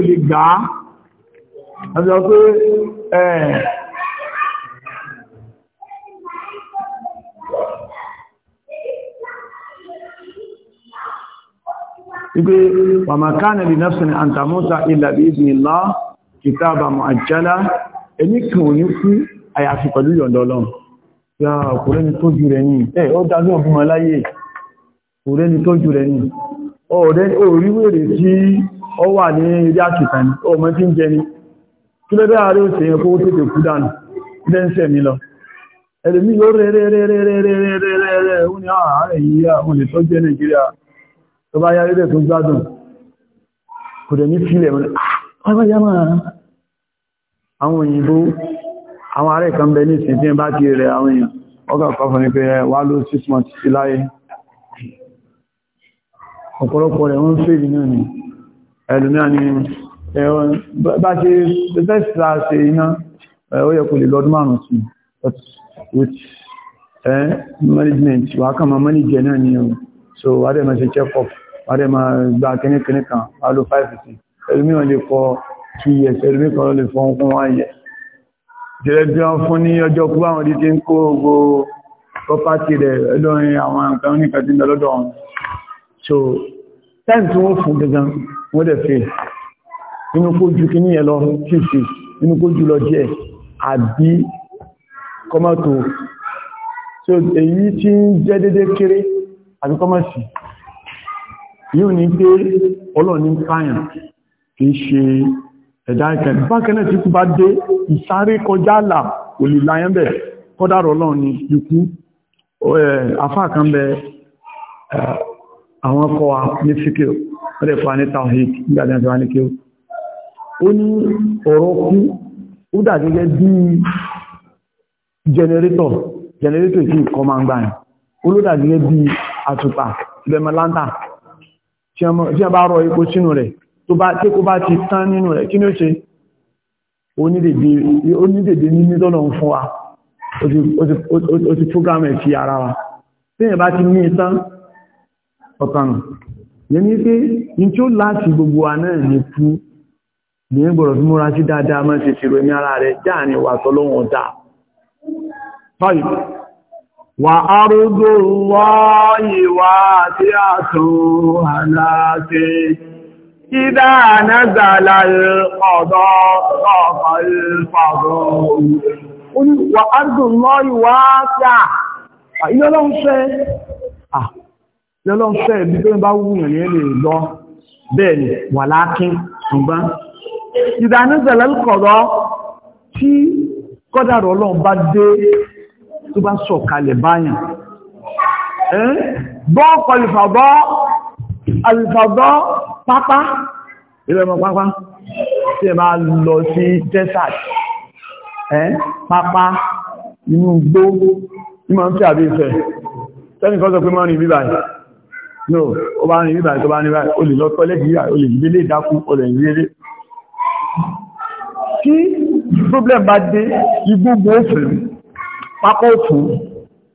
wípé wa ma kana li nafsin an tamuta illa bi idhnillah kitaba mu'ajjala ẹni kan ò ní kú àyàfi pẹ̀lú yọ̀ǹdọ̀ ọlọ́run ya ọkùnrin ni tójú rẹ̀ ní ó ní orí wèrè tí ó wà tó bá yá rédè tó gbádùn kò dẹ̀ ní fílẹ̀ wọn ah, ọba yá máa àwọn òyìnbó àwọn ààrẹ kan bẹ ní ìsìn tí ń bá ti rẹ àwọn èèyàn ọgá ọ̀pọ̀ ní pé wà ló 6 sí láyé ọ̀pọ̀lọpọ̀ rẹ̀ wọ́n fèrè náà ni ẹlùmíà ni ẹ̀wọ̀n bá ṣe bẹ́sẹ̀sà ṣe iná ó yẹ kò lè management wà kàmà manager so wà dẹ̀ wádẹ́ máa gba kíníkíní kan alò 5-6 ẹlùmí wọn lè fọ 2 years ẹlùmí kan lè fọ ọkùn 1 year jẹ́rẹ́ bí wọ́n fún ní ọjọ́ kú àwọn dídí ń kó ogbó property rẹ̀ lórin àwọn nǹkan oníkan tí ń lọ́dọ̀ ọ̀hún so time tí wọ́n fún gẹ́gẹ́ wọ́n dẹ̀ fẹ́ inú kó ju kí ní ẹ lọ 50 inú kó ju lọ díẹ̀ àbí kọ́mọ́tò so èyí tí ń jẹ́ dédé kéré àbí kọ́mọ́sì yíò ní pé ọlọ́ni fáyàn kì í ṣe ẹ̀dá ìkẹ̀ bákẹ́lẹ̀ tí kú bá dé ìsáré kọjá àlà olùláyẹ́bẹ̀ kọ́dàrọ̀ ọlọ́ni ikú afáàkánbẹ̀ àwọn kọwa ní fíkẹ́ rẹ̀ fà ní tawhid gbàdàjọ́ ní kí ó ní ọ̀rọ̀ kú ó dà gẹ́gẹ́ tí a bá rọ epo sínú rẹ̀ tí kó bá ti tán nínú rẹ̀ kí ní ó ṣe onídèdè ní nítọ́nà ń fún wa ó ti program ẹ̀ fi ara wa tí èyàn bá ti ní ìtàn ọ̀kanù yẹn ní pé in tí ó láti gbogbo wa náà ní kú ní gbọ́rọ̀ tí múra sí dáadáa mọ́ ti ṣèrò ní ara rẹ̀ jáà ní wà tọ́lọ́wọ̀n dáa وأرض الله واسعة هلاك إذا نزل القضاء فالفضاء وأرض الله واسعة Ilé ọlọ́run fẹ́, ah, ilé ọlọ́run fẹ́ ibi tó ń bá wùyàn ní ẹlè lọ bẹ́ẹ̀ ni wà lákín ṣùgbọ́n tó bá sọ̀kalẹ̀ báyàn bọ́ kọlùfàbọ́ alùfàbọ́ pápá ìrẹ̀mọ̀ pápá tí ẹ máa lọ sí desert pápá inú gbó ìmọ̀ tí àbí ìfẹ́ tẹ́nìkan sọ pé mọ́ rìn bíbà no ó bá rìn bíbà tó bá rìn bíbà ó lè lọ tọ́lẹ̀kì yíra ó lè gbélé ìdákú ó lè gbélé kí pápọ̀fù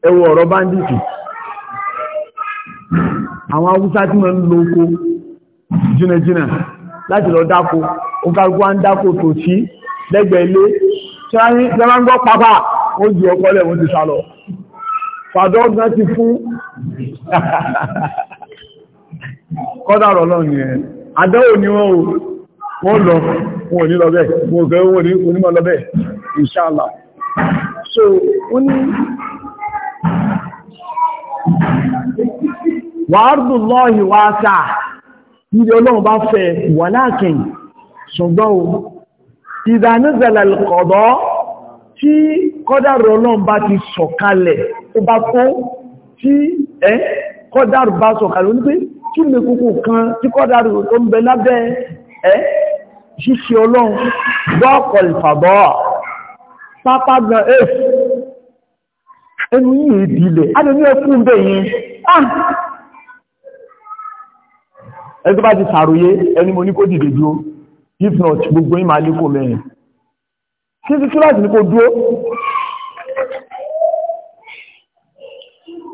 ẹwọ ọ̀rọ̀ bandit àwọn Haúsá tí wọ́n ń lo oko jìnàjìnà láti lọ dáko ogagun a ń dáko tó sí lẹ́gbẹ̀ẹ́ ilé ṣáyí lẹ́gbàgbọ́ pápá ó jù ọkọ́ lẹ̀ wọ́n ti sálọ fàdọ́gbà ti fún kọ́dàrọ̀ lọ́nà ẹ̀ adẹ́wò ni wọ́n wọ́n lọ wọ́n ní lọ bẹ́ẹ̀ so wọ́n ní wàárùn lọ́ọ̀hì wá sáà níbi ọlọ́run bá fẹ́ wà láàkìn ṣùgbọ́n o ìdánúzẹ̀lẹ̀ kọ̀dọ́ tí kọ́dàrù ọlọ́run bá ti sọ̀kalẹ̀ tó bá kó tí ẹ́ kọ́dàrù bá sọ̀kalẹ̀ onípé tí lè kúkù kan tí kọ́dàrù tó ń bẹ lábẹ́ ẹ́ ṣíṣe ọlọ́run gbọ́ọ̀kọ̀lẹ̀fàbọ́ọ̀ pápá gan èsì eh, ẹnu yìí ìdílẹ̀ adẹ́mí ẹkùn bẹ̀ yẹn ah! ẹni tó bá ti sàròyé ẹni mo ní kó dìde dúró if not gbogbo yín máa lékò mẹ́rin kí sí kí láti ní kó dúró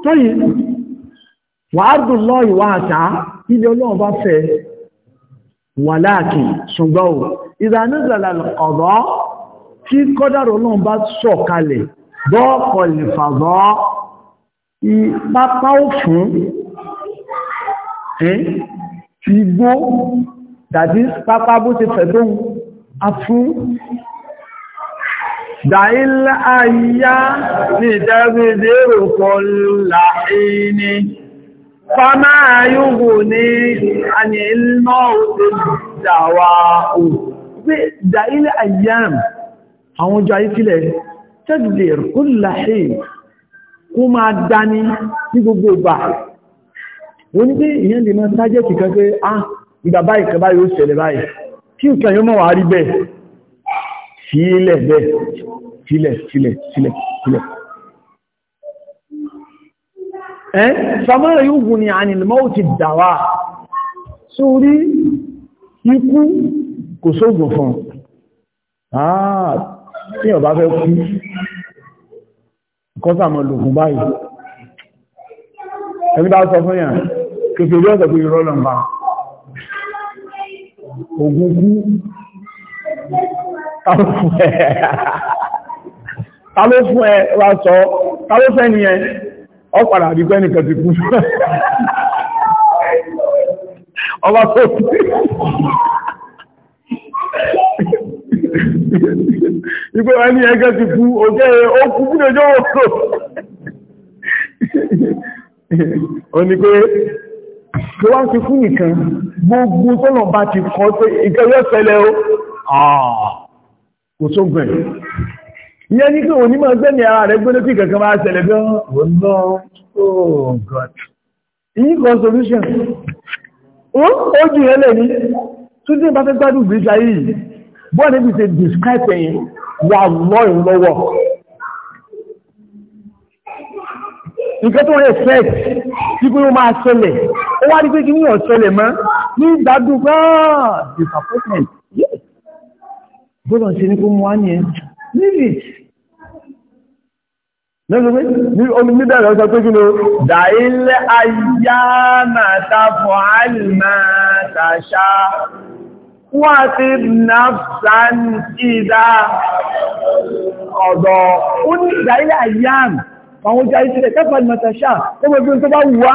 tóyí wàádùn lọ ìwà àṣà ilé ọlọ́run bá fẹ́ wà láàkì ṣùgbọ́n ìdánúzọ̀lá ọ̀rọ̀ tí kọ́dàrọ̀ náà bá sọ̀kalẹ̀ bọ́ọ̀kọ̀ lè fàbọ́ pápá ò fún igbó dàbí pápá bó ti fẹ̀ tóhun a fún dàílá ayá ní ìtẹ́gbẹ̀dẹ̀rò kọlá ẹni fọ́nà ayúgbò ní àyẹ̀ ilmọ́ òtẹ́ dàwà ò pé dàílá ayá àwọn ojú ayé sílẹ̀ tẹ́gbìdìr kó láhé kó máa dání ní gbogbo ọgbà wọ́n ní pé ìyẹn lè máa tájẹ́ kìkan pé á ah, ìgbà báyìí kan báyìí ó ṣẹlẹ̀ báyìí kí nǹkan yóò mọ̀ wá rí bẹ́ẹ̀ sílẹ̀ bẹ́ẹ̀ sílẹ̀ tí ọba fẹ́ kú kọ́sàmọ̀ lògùn báyìí ẹni bá sọ fún yàn kèfè rí ọ̀sẹ̀ pé ìrọ́lọ̀ bá ogun kú tàbí fún ẹ wá sọ tàbí fẹ́ ni ẹ ọpàdà àdípẹ́ nìkan ti kú ọba tó kú ìgbé wa ní ẹgbẹ́ ti kú òkè òkú kú lójó òkú ó ní pé tó wá ti kú nìkan gbogbo tọ́nà bá ti kọ́ pé ìkẹyọ́ ṣẹlẹ̀ ó ah, kò tó gbẹ̀ ìyẹn ní pé òní máa gbẹ́ni ara rẹ̀ gbẹ́ni tí kankan máa ṣẹlẹ̀ gan ọ̀nà oh god ìyí kan solution ó jù ẹlẹ́ ní tún tí bá fẹ́ gbádùn gbé bọ́ níbi ṣe describe ẹ̀yìn wà lọ́yìn lọ́wọ́ nǹkan tó respect tí pé ó máa ṣẹlẹ̀ ó wá rí pé kí ní ọ̀ṣẹlẹ̀ mọ́ ní ìdádùn gbáà ah, disappointment yes bọ́lọ̀ ṣe ní kó mú wá ní ẹ̀ leave it lẹ́gbẹ̀ẹ́ ní omi nídàrẹ̀ ọjọ́ pé kí ló dà ilẹ̀ ayá màtà fún àìlmà tàṣà وَاتِبْ نَفْسًا إِذَا ọ̀dọ̀ ó ní ìdárílẹ̀ àyàm àwọn ojú àìsílẹ̀ kẹfà ìmọ̀tàṣà ó mọ̀ bí o tó bá wùwá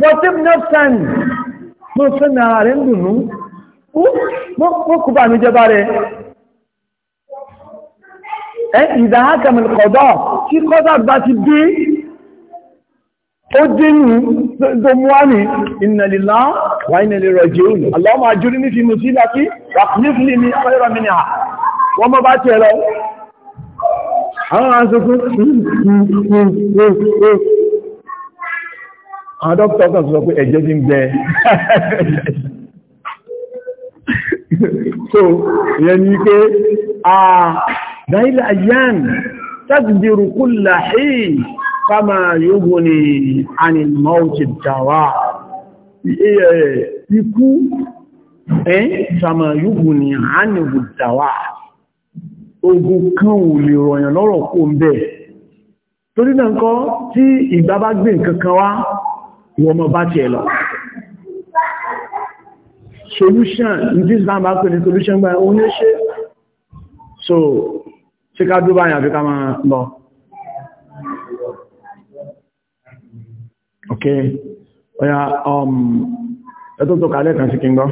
wọ́tíb nọ́fẹ́n mọ́ sọ́nà ara rẹ̀ ń dùnú mọ́ kú bá mi jẹba rẹ̀ ẹ́ ìdáhákàmì kọ̀dọ̀ tó mú wá ní inna lillahi wa inna ilayhi raji'un Allahumma ajurni fi musibati waqlif li min khayran minha wọ́n mọ́ bá tẹ́ lọ àwọn asòkú àwọn ti ń gbẹ so yẹn ni pé àà dáílà yán kama yóò ní anìmọ́ọ̀tì iye ikú ẹ́ kama yóò ní anìmọ́ọ̀tì dáwà ogun kan ò lè rọ̀yàn lọ́rọ̀ kó ń bẹ̀ torí náà kọ́ tí ìgbà bá gbé nǹkan kan wá ìwọ̀n mọ̀ bá ti ẹ̀ lọ solution ní Islam bá pè ní solution gbá oníṣẹ́ so ṣe ká dúbáyàn àfikà máa lọ Okay. Ọya, um, ẹ̀tọ́ tó kàálẹ̀ kan sí kí ń gọ́.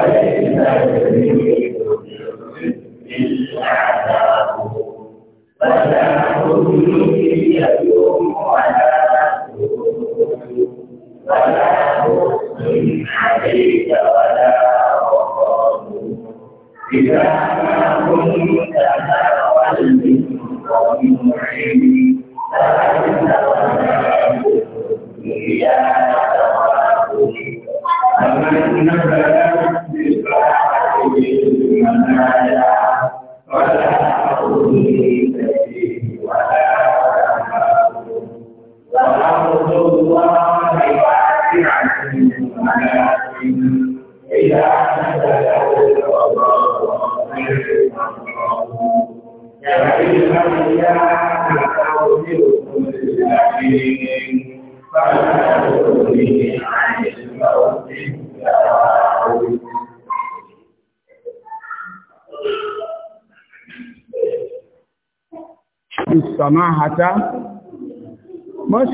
Thank you.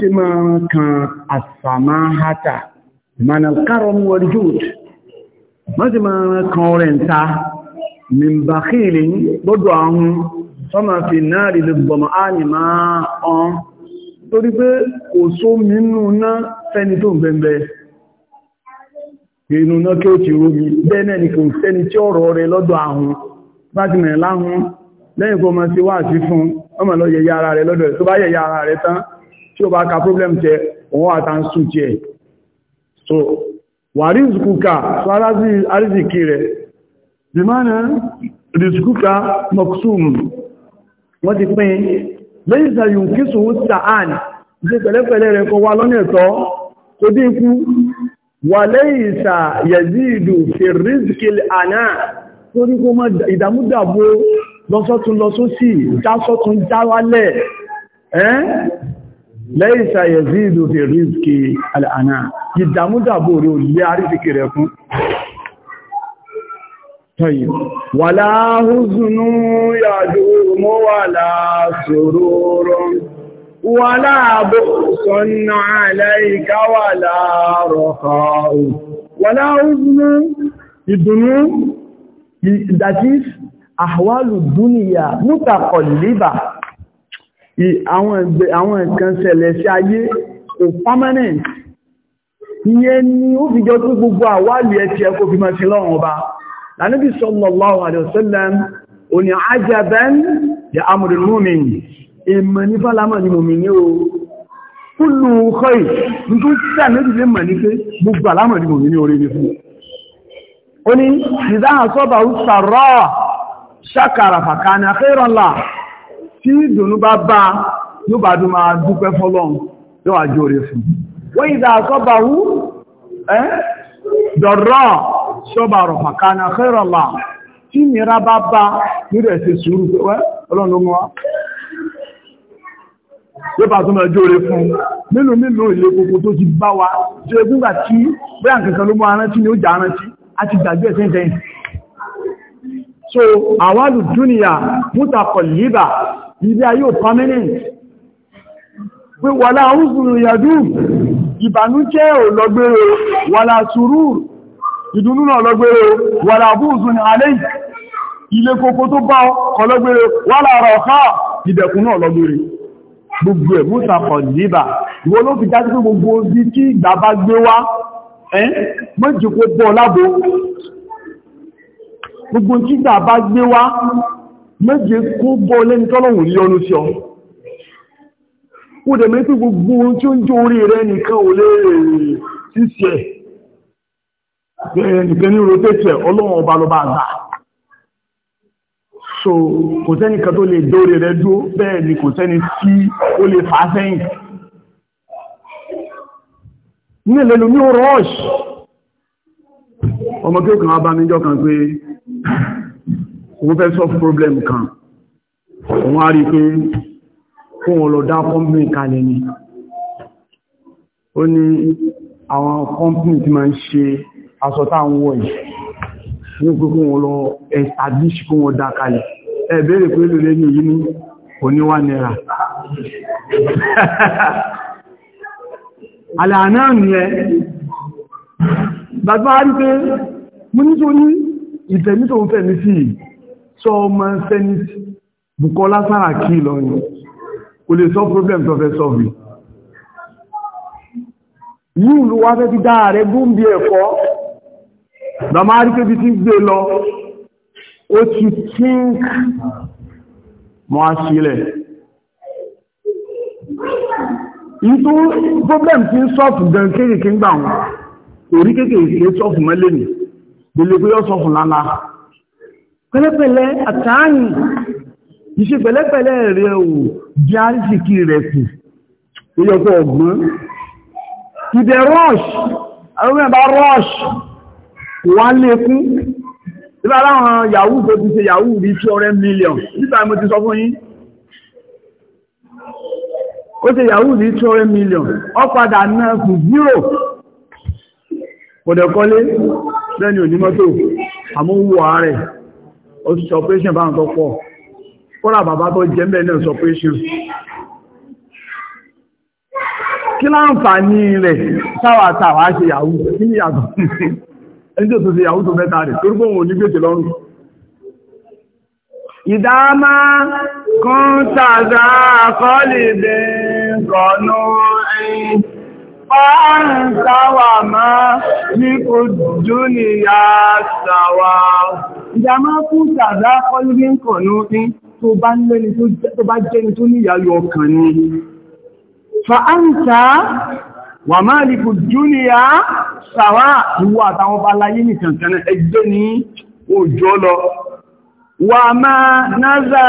ṣe máa rán kan àsàmáhátà manalkarom warjud wọ́n ṣe máa rán kan ọ̀rẹ́ǹta mìmbàkìlì gbọ́dọ̀ ahun sọ́mà fi náà rí lọ́gbọ̀mọ̀ áàrì máa ọ́n torí pé kò só mínú náà fẹ́ni tó ń bẹ̀m̀bẹ̀ inú náà kí ó ti rómi bẹ́ẹ̀ ni kò sẹ́ni tí ọ̀rọ̀ rẹ lọ́dọ̀ ahun bá ti mẹ̀rẹ̀ láhun lẹ́yìn kó tí ó bá ka problem tẹ òun àtàǹsù tí ẹ̀ so wà rízùkúkà so arázìkí rẹ̀ bìmánà rízùkúkà moksum wọ́n ti pín lẹ́yìnsà yùn kí sùn sàán jẹ́ pẹ̀lẹ́pẹ̀lẹ́ rẹ̀ kọ wá lọ́nà ẹ̀tọ́ kò dínkù wà lẹ́yìnsà yẹ̀zìdù fi rízùkìl àná torí kó mọ́ ìdàmúdàbò lọ́sọ́tún lẹ́yìn ṣàyẹ̀sí ìdòfè ríṣkì al'ana ìdàmúdàbò rí olè àríṣìkì rẹ̀ fún tọ́yì wà láhúzùnú yàjú mọ́ wà láàṣòróró wà láàbò sọ́nà aláìká wà láàrọ̀kọ́ wà láhúzùnú ìdùnnú that is àwálù dúnìyà mútàkọ̀líbà àwọn nǹkan ṣẹlẹ̀ sí ayé kò permanent ìyẹn ni ó fi jọ tó gbogbo àwálì ẹ̀tì ẹkọ́ fi mọ́ sí lọ́rùn ọba lánàbí sallallahu alaihi wasallam òní ajaban ya amrul mu'min ìmọ̀ ní fálámọ̀ ni mùmí ní o kúlù kọ́ì tó sẹ́mẹ́bì lè mọ̀ ní pé gbogbo àlámọ̀ ni mùmí ní tí ìdùnnú bá bá yóò bá dún máa dúpẹ́ fọ́lọ́run yóò àjò rẹ̀ fún wọ́n ìdá àsọ́bà wú ẹ́ dọ̀rọ̀ ṣọ́bà rọ̀ pàkánà kẹrọ̀lá tí nira bá bá nílẹ̀ ṣe sùúrù pẹ́wẹ́ ọlọ́run so àwálù dúnìyà mútakọ̀ ilé ayé ò permanent pé wàlá orúkùnrin ìyàdú ìbànújẹ́ ò lọ́gbẹ́rẹ̀ wàlá sùúrù ìdúnú náà lọ́gbẹ́rẹ̀ wàlá búùsùn alẹ́ ilé kòkó tó bá kọ lọ́gbẹ́rẹ̀ wàlá rọ̀ká ìdẹ̀kùn náà lọ́gbẹ́rẹ̀ gbogbo ẹ̀ mọ́sàkọ̀ níbà ìwọ́n ló fi dájú pé gbogbo méje kó bọ́ lẹ́ni tọ́lọ̀wùn yọnu sí ọ ó dẹ̀ mẹ́tí gbogbo ohun tí ó ń jó orí rẹ nìkan ò lè sísì ẹ̀ bẹ̀rẹ̀ nìkan ní rotate ọlọ́run ọba lọba àgbà so kò sẹ́ni kan tó lè dórí rẹ dúó bẹ́ẹ̀ ni kò sẹ́ni tí ó lè fà sẹ́yìn ní ìlẹ́lu ní rush ọmọ kí ó kàn wá bá mi jọ kan pé òun fẹ́ solve problem kan òun á rí pé kó wọn lọ dá company kalẹ̀ ni ó ní àwọn company tí máa ń ṣe aṣọ táwọn wọ̀ yìí ní pé kó wọn lọ establish kó wọn dá kalẹ̀ ẹ béèrè pé lórí ẹni yìí ní oníwà náírà àlànà nìyẹn bàbá rí pé mú nítorí ìtẹ̀mí tó ń fẹ̀mí sí yìí sọ ọmọ senate Bukola Saraki lọ ni kò lè sọ problem tó fẹ́ sọ bí rúùlù wá fẹ́ ti dáa rẹ̀ gún bí ẹ̀kọ́ bàmá rí pé bí ti gbé lọ ó ti tíńk mọ́ á sílẹ̀ ìtú problem ti ń sọ́fù gan kéèkéé ń gbà wọn orí kéèkéé sọ́fù mẹ́lẹ̀ ní gbèlè sọ́fù lálàá pẹ̀lẹ́pẹ̀lẹ́ àtàánì ìṣe pẹ̀lẹ́pẹ̀lẹ́ rẹ̀ ò jẹ́ àríṣìkí rẹ̀ kù ìyọ̀kọ̀ ọ̀gbọ́n ìdẹ̀ rush arúgbẹ̀bá rush wà lékún ìbá láwọn yahoo tó ti ṣe yahoo rí 200 million nígbà mo ti sọ fún yín ó ṣe yahoo rí 200 million ó padà náà kù zero kò dẹ̀kọ́lé lẹ́ni onímọ́tò àmúwò ààrẹ̀ ó ṣe operation bá ń tó pọ̀ kóra bàbá tó jẹ́ mẹ́lẹ̀ ní operation kí láǹfààní rẹ̀ sáwà tàwà ṣe yahoo kí ni yàtọ̀ ẹni tó ṣe yahoo tó mẹ́ta rẹ̀ torí pé òun ò ní gbèsè lọ́rùn ìdámá kan tàgà kọ́lì bẹ́ẹ̀ kọ̀ọ̀nà ẹ̀yìn Fáńsá wà máa ní ojú ni ya sàwà. Ìjàmá kú sàdá kọlúbí ń kọ̀ ní ọdún tó bá lẹ́ni tó bá jẹ́ni tó ní ìyàlú ọkàn ni. Fáńsá wà máa ní ojú ni ya sàwà ìwọ àtàwọn bá láyé nìkankan ẹgbẹ́ ní òjò lọ wà máa náza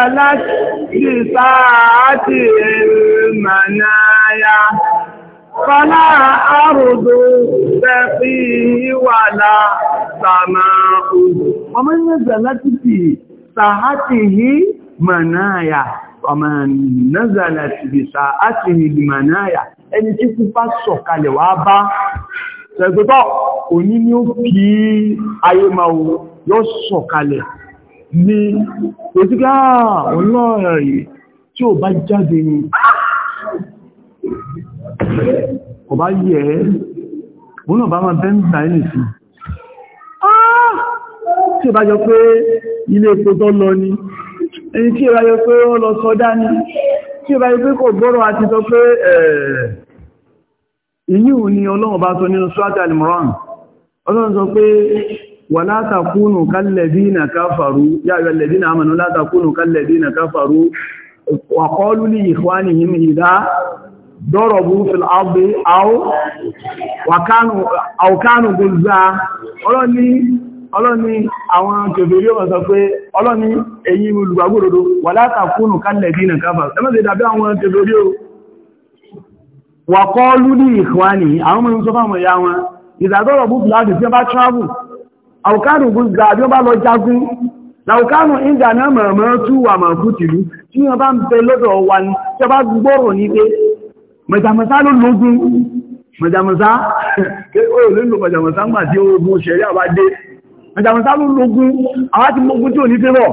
فلا أرض تقيه ولا سماء ومن نزلت في ساعته منايا ومن نزلت في ساعته المنايا ẹni tí kú bá sọ̀kalẹ̀ wá bá ṣẹ̀gbẹ́gbọ́ òní ni ó kí ayé máa yóò sọ̀kalẹ̀ ní kò bá yẹ ẹ́ òun náà bá máa bẹ́ ń ta ẹni sí ah! tí ó bá jọ pé ilé epo tó lọ ni ẹni tí ó bá jọ pé ó lọ sọdá ni tí ó bá jọ pé kò gbọ́rọ̀ àti sọ pé ìyíhù eh, ni ọlọ́run bá sọ nínú Surat Al-Imran ọlọ́run sọ pé wà látàkúnù kálẹ̀dínà káfàrú yáyọ lẹ̀dínà àmànú látàkúnù kálẹ̀dínà káfàrú wà dọ́rọ̀bù fìlàábí àwọ̀kánù gùnzá ọlọ́ni àwọn kèfèrí ọmọ sọ pé ọlọ́ni èyí olùgbàgbòròdó wà látàkúnù kálẹ̀ dínà káfà ẹmọ́sẹ̀ ìdàbí àwọn kèfèrí o wà kọ́ lúdí ìkwáni àwọn mọ́ sọ fáwọn ya wọn ìdàdọ́rọ̀ bú fìlàábí tí ó bá travel àwọ̀kánù gùnzá bí ó bá lọ jagun làwùkánù ìgbà náà mọ̀mọ́ tú wà mọ̀ kú tìlú tí wọ́n bá ń bẹ lọ́dọ̀ wa ní tí ó bá gbọ́rọ̀ ní pé mẹ̀tàmẹ̀sá ló lógún mẹ̀tàmẹ̀sá olóòlò mẹ̀tàmẹ̀sá ń gbà tí ó mú ṣẹ̀rí àwádé mẹ̀tàmẹ̀sá ló lógún àwọn ti mọ́gún tí ò ní fẹ́rọ̀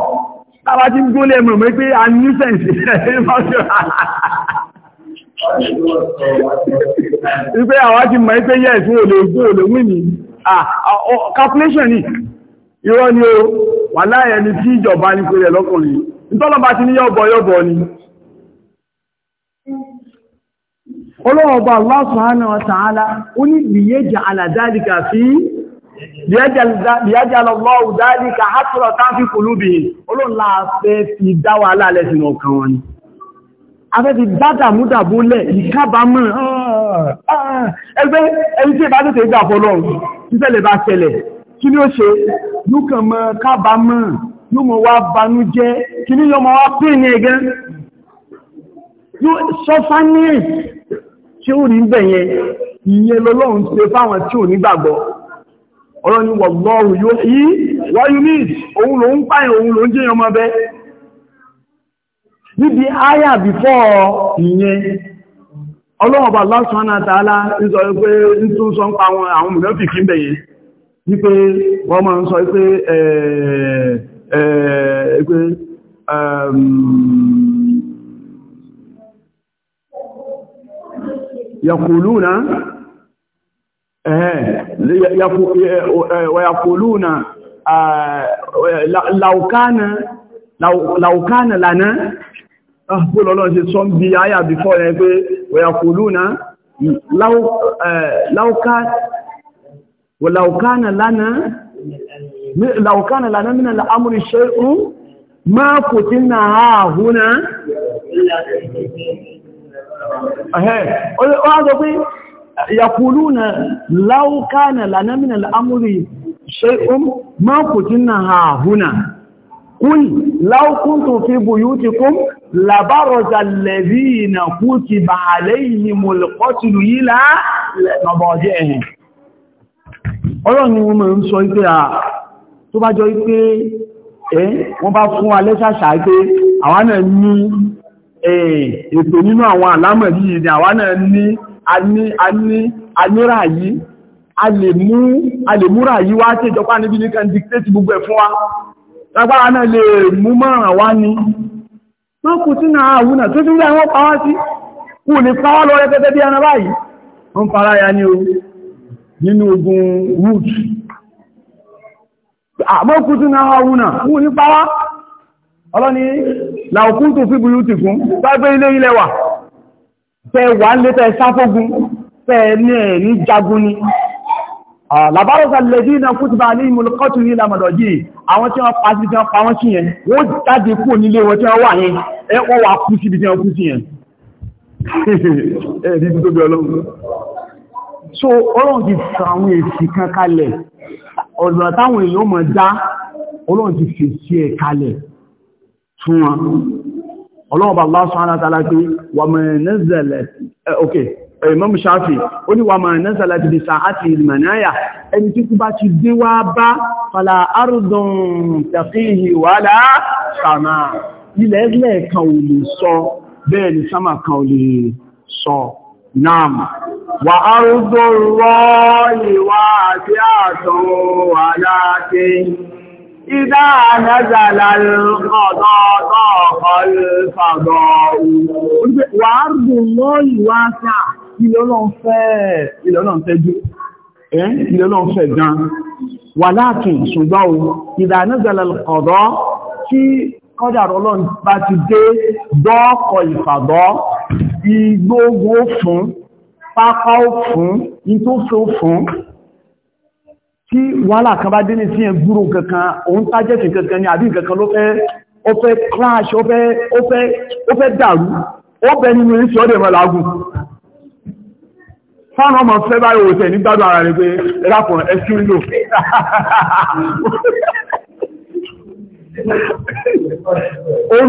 tàbá ti gólẹ̀ mọ̀ mẹ́ pé a ní sẹ́ǹsì ìpé ní calculation ni irọ́ ni ó wà láyẹ̀ ni tí ìjọba ní kò rẹ̀ lọ́kùnrin ìtọ́lọ́bá ni olóòbá Allah subhanahu wa ta'ala ó ní lìyẹ́jà aládálìkà fi lìyẹ́jà lọ́wọ́ dálìkà hátùrọ̀ táàfi kòlúbì olóòlá fẹ́ fi dáwà alálẹ́ sínú ọkàn wọn ni afẹ́ ti dádàmúdàbólẹ̀ ìkábàmọ́ ah, ah, ẹgbẹ́ ẹni tí ìbá tètè gbà fọ́lọ́ títẹ́lẹ̀ bá ṣẹlẹ̀ kí ni ó ṣe lúkàn mọ́ kábàmọ́ yóò mọ̀ wá banújẹ́ kí ni yóò mọ̀ wá pè ní ẹgẹ́ sọfánìyàn tí ó rí bẹ̀yẹ ìyẹn lọ́lọ́run ti pé fáwọn tí ó nígbàgbọ́ ọlọ́ni wọ̀lọ́rù yóò yí wọ́yú ní òun ló ń pààyàn òun ló ń jẹ́yàn bẹ́ níbi áyà fọ́ ìyẹn ọlọ́ọ̀bà lásán يقولون ويقولون لو كان لو كان لنا أقول الله ṣe sọ bí ayà before ẹ pé ويقولون لو كان ولو كان لنا لو كان لنا من الأمر شيء ما قتلنا ها هنا wọ́n sọ pé yàkùlú na láúká na lànàmìnà al'amúrí ṣe'un makùtí na hàhúnà kún láukún tó fi buyúti kún labarọ̀ zàlẹ̀bí na kúti bà aléyìí mulkọtìlú yílá lẹ́nàbọ̀jẹ́ ẹ̀hẹ̀ ọlọ́run ni wọ́n mọ̀ ń sọ ipé ah, à ètò nínú àwọn àlámọ̀ yìí ni àwa náà ní aníra yìí a lè múra yìí wá tí ìjọpá níbi ní kan dictate gbogbo ẹ̀ fún wa lágbára náà lè mú mọ́ràn wá ní wọ́n kù sínú àwúnà tó tún rí àwọn pàwá sí kú ní pàwá lọ rẹpẹtẹ bí ẹran báyìí wọ́n làòkún tó fi burú ti gún gbágbé ilé ilẹ̀ wà tẹ́ wà ń létẹ́ sáfógún tẹ́ ní ẹ̀ ní jagun ni làbárọ̀sà lẹ́dí iná kútùbà ní ìmúlùkọ́tù ní ìlàmọ̀dọ̀ yìí àwọn tí wọ́n pa sí tí wọ́n pa wọ́n sí yẹn wọ́n jáde kúrò nílé wọn tí wọ́n wà yẹn ẹ wọ́n wà kú síbi tí wọ́n kú sí yẹn ẹ̀ẹ́dí tó bí ọlọ́run so ọlọ́run ti sọ àwọn èsì kan kalẹ̀ ọ̀dọ̀ táwọn èèyàn mọ̀ já ọlọ́run fún wọn ọlọ́ọ̀bà Allah subhanahu wa ta'ala pé wà mọ̀ nẹ́zẹ̀lẹ̀ ok Imam Shafi ó ní wà mọ̀ nẹ́zẹ̀lẹ̀ ti di sàáti ìlmẹ̀náyà ẹni tí kú bá ti dé wá bá fàlà ardun taqihi wala rọ́ ìwà àti àtọ̀ wà láti إذا نزل القضاء ضاق الفضاء وعرض الله واسع ilẹ̀ ọlọ́run fẹ́ ilẹ̀ ọlọ́run tẹ́jú ẹ́ ilẹ̀ ọlọ́run fẹ́ gan wà láàkín ṣùgbọ́n إذا نزل القضاء tí kọ́dàrọ̀ ọlọ́run bá ti tí wàhálà kan bá dé ní sí ẹgbúrò kankan òun tájẹ́sì kankan ní àbí kankan ló fẹ́ ó fẹ́ crash ó fẹ́ ó fẹ́ ó fẹ́ dàrú ó fẹ́ nínú ìṣẹ́ ọdẹ̀ mọ́ lágùn fáwọn ọmọ fẹ́ báyìí òwòsẹ̀ ní gbádùn ara rẹ̀ pé ẹlápọ̀ ẹsù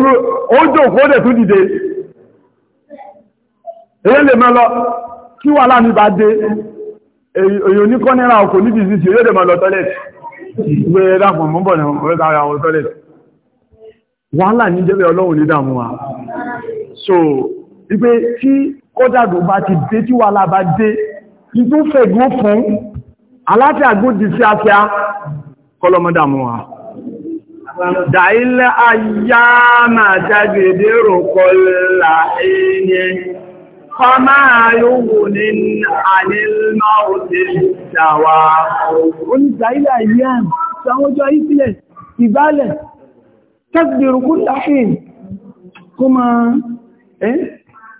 lò ó jò kóòdẹ̀ tó dìde eré lè mọ́ lọ kí wàhálà mi bá dé èyàn ní kọ́nìyàn ọkọ̀ ní dìí sí yóò lọ tọ́lẹ̀tì gbé dákùn mọ́ ní ọ̀rẹ́ta ara tọ́lẹ̀tì wàhálà ní jẹ́bẹ̀ ọlọ́run ní so ipé tí kọ́dàdù bá ti dé tí wàhálà bá dé tó fẹ̀gbọ́n fún aláfíà gbódì sí afíà kọlọmọdàmú wa فما يغن عن الموت الدواء onígbà ilẹ̀ àìyàn sáwọn ọjọ́ ìpìlẹ̀ ìbálẹ̀ tẹ́gbèrò kó láàrín kó máa ẹ́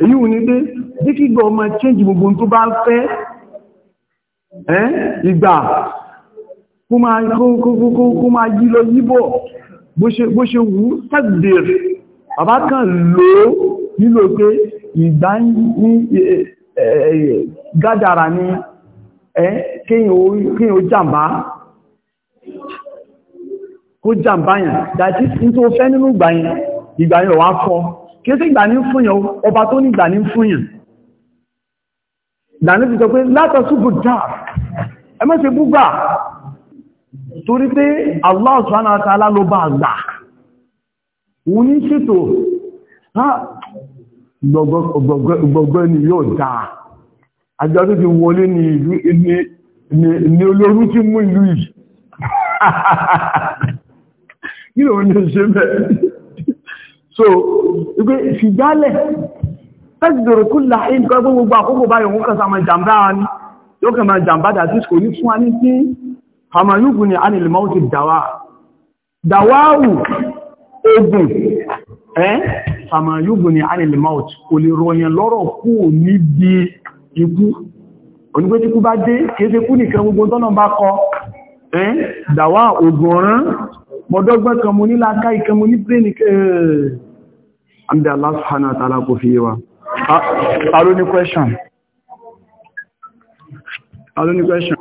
èyí wù ní pé díkígbà ọmọ change gbogbo tó ṣe wù tẹ́gbèrò bàbá kan lòó nílò pé ìgbà ní gádàrà ní kíyàn o jàmbá kó jàmbá yàn dàtí ní tó fẹ́ nínú ìgbà yẹn ìgbà yẹn wá fọ́ kí sí ìgbà ní ọba tó ní ìgbà ní fúnyàn ìgbà ní ti sọ pé látọ̀súgbò dáa ẹ torí pé Allah subhanahu ló bá àgbà òun ní gbọ̀gbọ̀gbọ̀ ni yóò dáa àjọ ti wọlé ní ìlú ní olórú tí mú ìlú yìí kí ní ṣe bẹ́ so wípé fìjálẹ̀ tẹ́sìdòrò kú láàrín nǹkan gbogbo àkókò báyìí wọ́n kẹsà máa jàmbá wa ní yóò kẹ máa jàmbá dàtí kò ní fún wa ní sí ni a nílùmọ́ ti dàwà dàwà ogun ẹ́ fàmà yóò ní anil mouth kò lè rọyàn lọ́rọ̀ kú níbi ikú onígbé tí kú bá dé kéèsé kú nìkan gbogbo tọ́nà bá kọ ẹ́n dàwà ògùnrán mọ́dọ́gbọ́n kan mú ní láká ìkan mú ní question.